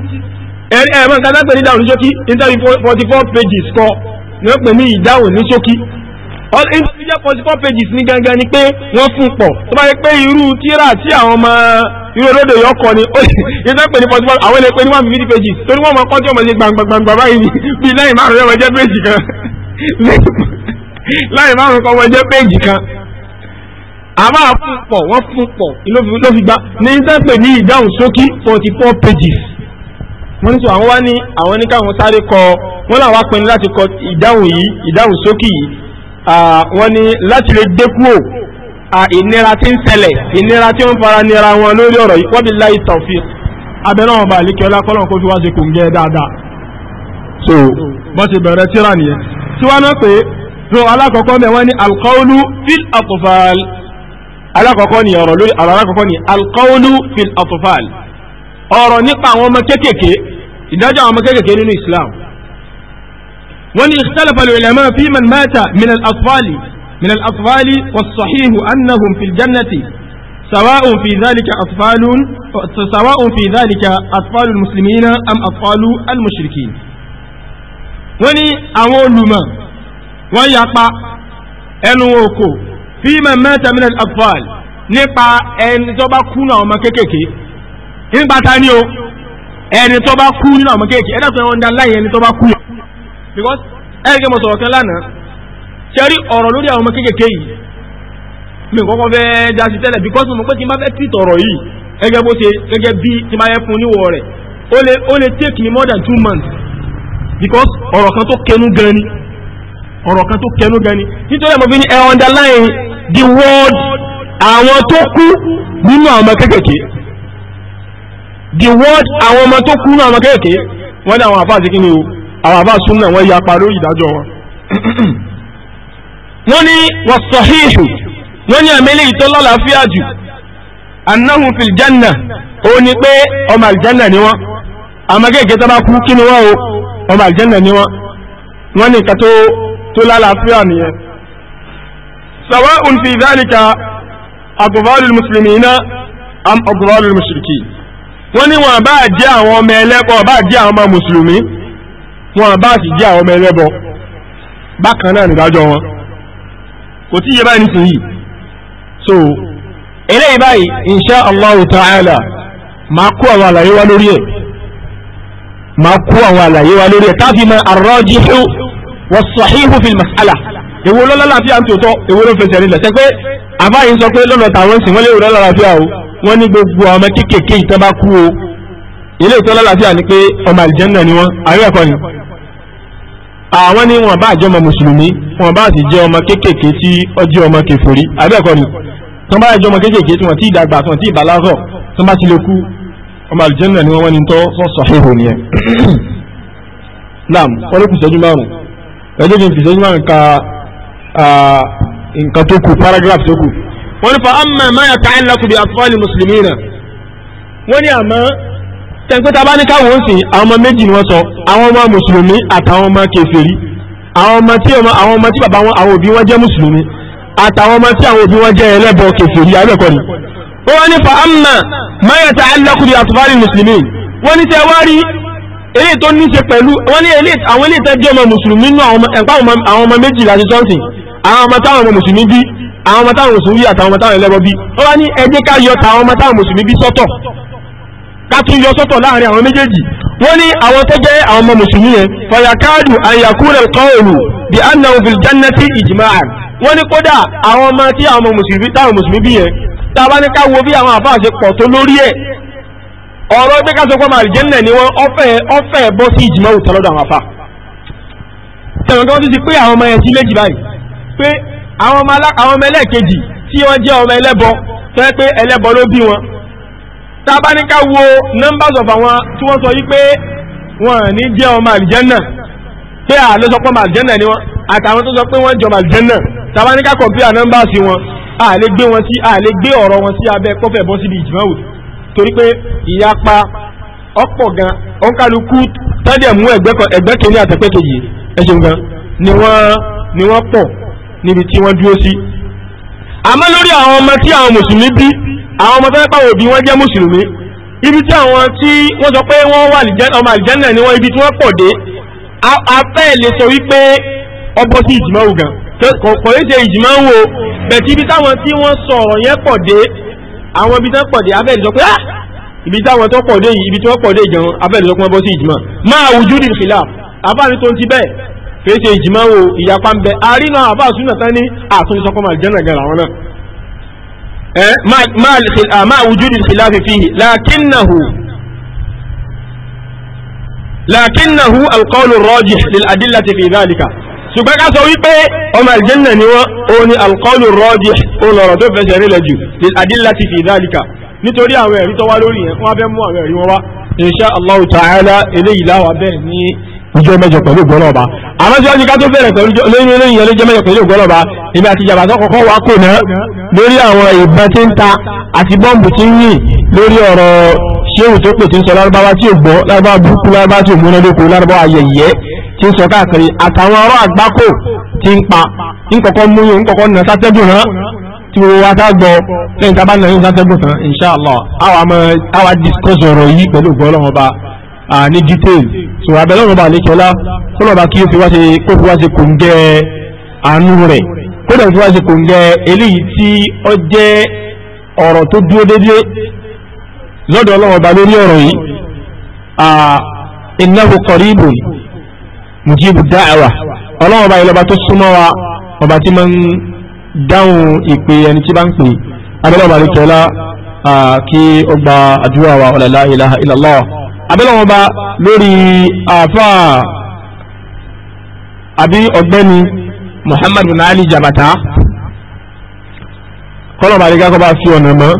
[SPEAKER 1] ẹ̀rọ ẹ̀rọ ìdáhùn ní ṣókí interview 44 pages kọ ní ìdáhùn ní ṣókí all individual tó forty four pages ní gangan ni pé wọ́n fún pọ̀ tó bá yẹ pé irú tíra tí àwọn ọmọ irú olódò yọ kọ ni ó yẹ fẹ́ pè ní forty four àwọn ilé pé ní one fifty pages torí wọ́n mọ kọ́ tí ọmọ ṣe gbàngbàngbà báyìí ni bíi láì márùn-ún ẹ̀wọ̀n jẹ́ péjì kan láì márùn-ún kọ́ wọ́n jẹ́ péjì kan àbá fún pọ̀ wọ́n fún pọ̀ ló fi gbá ní sẹ́pẹ̀ ní ìdáhùn sókí forty four pages wọ́n ní sọ àwọn wá ní àwọn ní káwọn sáré kọ wọ́n làwọn pinnu láti kọ ìdáhùn yìí ìdáhùn sókí yìí wọ́n ní láti lè dékúò ìnira tí ń ṣẹlẹ̀ ìnira tí ó ń fara nira wọn lórí ọ̀rọ̀ yìí wọ́n bí láì tọ̀fí abẹ́rẹ́ wọn bá àlékẹ́ ọlá kọ́lọ̀ kó fi wá sí kò ń gẹ́ dáadáa so wọ́n ti bẹ̀rẹ̀ tíra nìyẹn tí wọ́n náà pé so alákọ̀ọ́kọ́ mẹ́ wọ́n ní alkọ́ọ̀lù fil atufal alákọ̀ọ́kọ́ ni ọ̀rọ̀ lórí ọ̀rọ̀ alákọ̀ọ́kọ́ ni alkọ́ọ̀lù fil atufal ọ̀rọ̀ nípa àwọn ọmọ kéékèèké ìdájọ́ àwọn ọmọ kéékèèké nínú Islam wọ́n ní ikhtalafa al-ulama fi man mata min al-atfal min al-atfal was-sahih annahum fil jannati سواء في ذلك أطفال سواء في ذلك أطفال المسلمين أم أطفال المشركين wọ́n ní àwọn olùmọ̀ wọ́n yapa ẹnu oko fi man mata min al-atfal nípa ẹni tó bá kú náà ọmọ kéékèèké nípa ta ni o ẹni tó bá kú náà ọmọ kéékèèké ẹ̀dá tó yẹ wọn dá láyé ẹni tó bá kú náà because ẹ̀rìkẹ́ mọ̀ sọ̀rọ̀ kan lánàá ṣẹ́rí ọ̀rọ̀ lórí àwọn ọmọ kéékèèké yìí mi kọ́kọ́ fẹ́ jásí tẹ́lẹ̀ because mo mọ̀ pé tí n bá fẹ́ tí tọ̀rọ̀ yìí gẹ́gẹ́ bó ṣe gẹ́gẹ́ bí tí n bá yẹ fún níwọ̀ rẹ̀ ó lè take me more than two months because ọ̀rọ̀ kan tó kẹnu gan ni ọ̀rọ̀ kan tó kẹnu gan ni nítorí ẹ̀mọ́ fi ní ẹ underline the word àwọn tó kú nínú àwọn ọmọ kéékèèké the word àwọn ọmọ tó kú nínú àwọn ọmọ kéékèèké wọ́n ní àwọn àfáà sí kí ni o àwọn àbá súnà wọ́n ya parí ìdájọ́ wọn. wọ́n ní wọ́n sọ híhù wọ́n ní àmẹ́lẹ́ ìtọ́ lọ́làáfíà jù annahum fil janna ó ní pé ọmọ aljanna ni wọ́n àmọ́ kéèké tó bá kú kí ni wọ́n o ọmọ aljanna ni wọ́n wọ́n ní nǹkan tó lálàáfíà nìyẹn. sawa'un fi dhalika àbùbọ́ọ̀lù muslimina am àbùbọ́ọ̀lù mushriki wọ́n ní wọn bá jẹ́ àwọn ọmọ ẹlẹ́kọ̀ọ́ bá jẹ́ àwọn ọmọ mùsùlùmí wọn bá sì jẹ́ àwọn ọmọ ẹlẹ́bọ bákan náà nìdájọ́ wọn kò tí báyìí nísìnyí so eléyìí báyìí insha allah ta'ala máa kó àwọn àlàyé wa lórí ẹ̀ máa kó àwọn àlàyé wa lórí ẹ̀ káfí mọ ar-rajihu was-sahihu fil mas'ala èwo lọ́lọ́lá fi à ń tòótọ́ èwo ló fẹsẹ̀ nílẹ̀ sẹ́ pé àbáyé sọ pé lọ́nà tàwọn sìn wọ́n lè rọ́ lálàáfíà o wọ́n ní gbogbo ọmọ kéékèèké ìtàn bá kú o ilé ìtọ́lá làáfíà ni pé ọmọ àlìjẹ́ńnà ni wọ́n àríwá kan àwọn ní wọn bá jẹ́ ọmọ mùsùlùmí wọn bá sì jẹ́ ọmọ kéékèèké tí ó jẹ́ ọmọ kèfèrí abẹ́ẹ̀kọ́ ni tán bá jẹ́ ọmọ kéékèèké tí wọ́n ti ìdàgbà tán ti ìbálázọ̀ tán bá ti lè kú ọmọ àlùjẹ́nà ni wọ́n wọ́n ni tọ́ sọ́sọ́ àhóhò ni ẹ̀ nam ọlọ́kùn ìṣẹ́jú márùn ẹjọ́ kí n fi ìṣẹ́jú márùn ka nǹkan tó kù paragraph tó kù wọ́n ní fa amma ma yata'allaqu bi tẹ́gbẹ́ta bá ní káwọn ó sìn àwọn ọmọ méjì ni wọ́n sọ àwọn ọmọ mùsùlùmí àtàwọn ọmọ kèfèrí àwọn ọmọ tí àwọn ọmọ tí bàbá wọn àwọn òbí wọn jẹ́ mùsùlùmí àtàwọn ọmọ tí àwọn òbí wọn jẹ́ ẹlẹ́bọ kèfèrí àbẹ̀kọ́ ni. wọ́n ní fa amma ma yata'allaqu bi atfalil muslimin wọ́n ní tẹ́ wá rí eléyìí tó ní ṣe pẹ̀lú wọ́n ní àwọn eléyìí tẹ́ jẹ́ ọmọ mùsùlùmí nú àwọn ọmọ méjìlá ti sọ́ọ̀sìn àwọn ọmọ táwọn ọmọ mùsùlùmí bí àwọn ọmọ táwọn mùsùlùmí àtàwọn ọmọ táwọn ẹlẹ́bọ bí wọ́n wá ní ẹ ká yọ tàwọn ọmọ táwọn mùsùlùmí bí sọ́tọ̀ kátún yọ sọ́tọ̀ láàrin àwọn méjèèjì wọ́n ní àwọn tó jẹ́ àwọn ọmọ mùsùlùmí yẹn fayakadu ayakuna kọ́ọ̀lù bí annahu fil jannati ijma'a wọ́n ní kódà àwọn ọmọ tí àwọn mùsùlùmí táwọn mùsùlùmí bí yẹn tàbá ní ká bí àwọn àfáà ṣe pọ̀ tó lórí ẹ̀ ọ̀rọ̀ gbé káṣọ pọ̀ màlì jẹ́nà ni wọ́n ọ̀fẹ́ ọ̀fẹ́ bọ́ sí ìjìmọ̀ òtọ́ lọ́dọ̀ àwọn àfáà tẹ̀wọ̀n kan ti ti pé àwọn ọmọ yẹn sí méjì báyìí pé àwọn ọmọ ẹlẹ́ẹ̀kejì tí wọ́n jẹ́ ọmọ ẹlẹ́bọ tó yẹ pé ẹlẹ́bọ ló bí wọn tàbá ní ká wo numbers of àwọn tí wọ́n sọ yí pé wọ́n ní jẹ́ ọmọ àlìjẹ́nà pé à ló sọ pé ọmọ àlìjẹ́nà ni wọ́n àtàwọn tó sọ pé wọ́n jọ ọmọ àlìjẹ́nà tàbá ní ká compare numbers wọn à lè gbé wọn sí à lè gbé ọ̀rọ̀ wọn sí abẹ́ kọ́fẹ́ bọ́ síbi ìjìmáwò torí pé ìyapa ọ̀pọ̀ gan ọ̀nkálukú tẹ́lẹ̀ mú ẹgbẹ́ kìíní àtẹ̀pẹ́ kejì ẹ̀ṣẹ̀ gan ni wọ́n ni wọ́n pọ̀ níbi tí wọ́n dúró sí àmọ́ lórí àwọn ọmọ tí àwọn mùsùlùmí bí àwọn ọmọ tẹ́lẹ́pà òbí wọ́n jẹ́ mùsùlùmí ibi tí àwọn tí wọ́n sọ pé wọ́n wà ọmọ àlìjẹ́nà ni wọ́n ibi tí wọ́n pọ̀ dé afẹ́ lè sọ wípé ọbọ̀ sí ìjìmọ̀ wù gan kò lè ṣe ìjìmọ̀ wò bẹ̀tí ibi táwọn tí wọ́n sọ̀rọ̀ yẹn pọ̀ dé àwọn ibi tí wọ́n pọ̀ dé afẹ́ lè sọ pé ah ibi táwọn tó pọ̀ dé yìí ibi tí wọ́n pọ̀ dé gan afẹ́ lè sọ pé wọ́n bọ́ sí ìjìmọ̀ máa wùjú ní ìfìlà afáàní tó ń ti bẹ́ẹ̀ fèsì ìjìmọ̀ wò ìyapa ń bẹ àrínà àbáṣúnà tán ní àtúnṣọpọ̀ màlìjẹ́nà gan àwọn مع وجود الخلاف فيه لكنه لكنه القول الراجح للأدلة في ذلك ṣùgbọ́n ká sọ wípé ọmọ aljanna ni wọ́n o ni alqawlu rajih olọ̀rọ̀ tó fẹsẹ̀ rí lẹ́jù lil-adillati fi dhalika nítorí àwọn ẹ̀rí tó wá lórí yẹn wọ́n fẹ́ mú àwọn ẹ̀rí wọn wá insha Allahu ta'ala eléyìí láwà bẹ́ẹ̀ ní ìjọ mẹ́jọ pẹ̀lú ìgbọ́lọ́ba àmọ́ síwájú ká tó bẹ̀rẹ̀ pẹ̀lú lẹ́yìn eléyìí ẹlẹ́jọ mẹ́jọ pẹ̀lú ìgbọ́lọ́ba níbi àti ìjàmbá tó kọ́kọ́ wá kò náà lórí àwọn ìbọn tí ń ta àti bọ́ǹbù tí ń yìn lórí ọ̀rọ̀ ṣéwù tó pè tí ń sọ lárúbáwá tí ò gbọ́ lárúbáwá burúkú lárúbáwá tí ò múná lóko lárúbáwá ayẹyẹ tí ń sọ káàkiri àtàwọn ọ̀rọ̀ àgbákò tí ń pa ń kọ́kọ́ mú yóò ń kọ́kọ́ nà sátẹ́gùn náà tí wo wa tá gbọ́ lẹ́yìn tá bá nà yóò sátẹ́gùn tán inshallah ní detail so abẹ́lẹ́wọ̀n bá lè kẹ́lá kọ́lọ́ba kí ó fi wá ṣe kó fi wá ṣe kò ń gẹ́ àánú rẹ̀ kódà tí wá ṣe kò ń gẹ eléyìí tí ó jẹ́ ọ̀rọ̀ tó dúró dédé lọ́dọ̀ ọlọ́wọ́ ọba lórí ọ̀rọ̀ yìí innahu qaribun mujibu da'wa ọlọ́wọ́ ọba ìlọba tó súnmọ́ wa ọba tí máa ń dáhùn ìpè ẹni tí bá ń pè abẹ́lẹ́ ọba nìkẹ́lá kí ó gba àdúrà wa ọ̀là la abẹ́lẹ́ ọba lórí àfáà àbí ọ̀gbẹ́ni muhammad bin ali jabata kọ́lọ̀ bàlíkà kọ́ bá fi ọ̀nà mọ́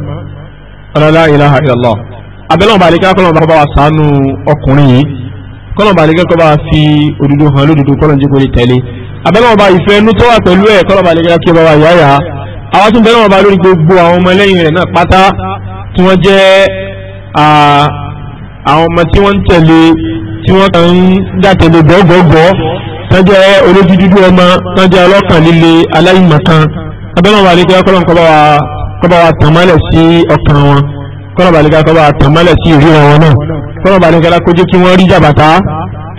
[SPEAKER 1] ọ̀nà la ilaha illallah abẹ́lẹ̀ bàlíkà kọ́lọ̀ bá wà sànú ọkùnrin yìí kọ́lọ̀ bàlíkà kọ́ bá fi òdodo hàn lódodo kọ́lọ̀ jíkò lè tẹ̀lé abẹ́lẹ̀ bá ìfẹ́ inú tó wà pẹ̀lú ẹ̀ kọ́lọ̀ bàlíkà kí ọba wà yáyà àwọn tó ń bẹ́lẹ̀ gbogbo àwọn ọmọ ẹlẹ́yìn náà pátá tí wọ́n jẹ́ àwọn ọmọ tí wọ́n ń tẹ̀lé tí wọ́n tọ́jọ́ olójú dúdú ọmọ tọ́jọ́ ọlọ́kàn líle aláìmọ̀kan abẹ́lẹ́wọ̀n àlejò ọkọ̀lọ́n kọ́bá wa tàn mọ́lẹ̀ sí ọkàn wọn kọ́lọ́ balẹ̀ká kọ́bá wa tàn mọ́lẹ̀ sí ìríran wọn náà kọ́lọ́ balẹ̀ká lákójú kí wọ́n rí jàbàtà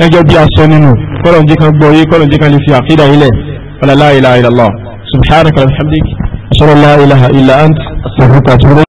[SPEAKER 1] ẹjọ́ bí aṣọ nínú kọ́lọ́ njẹ́ kan gbọ́ yé kọ́lọ́ njẹ́ kan lè fi àkídà ilẹ̀ wàlá láìláìlá subhanaka alhamdulilayi sọ́rọ̀ láìláha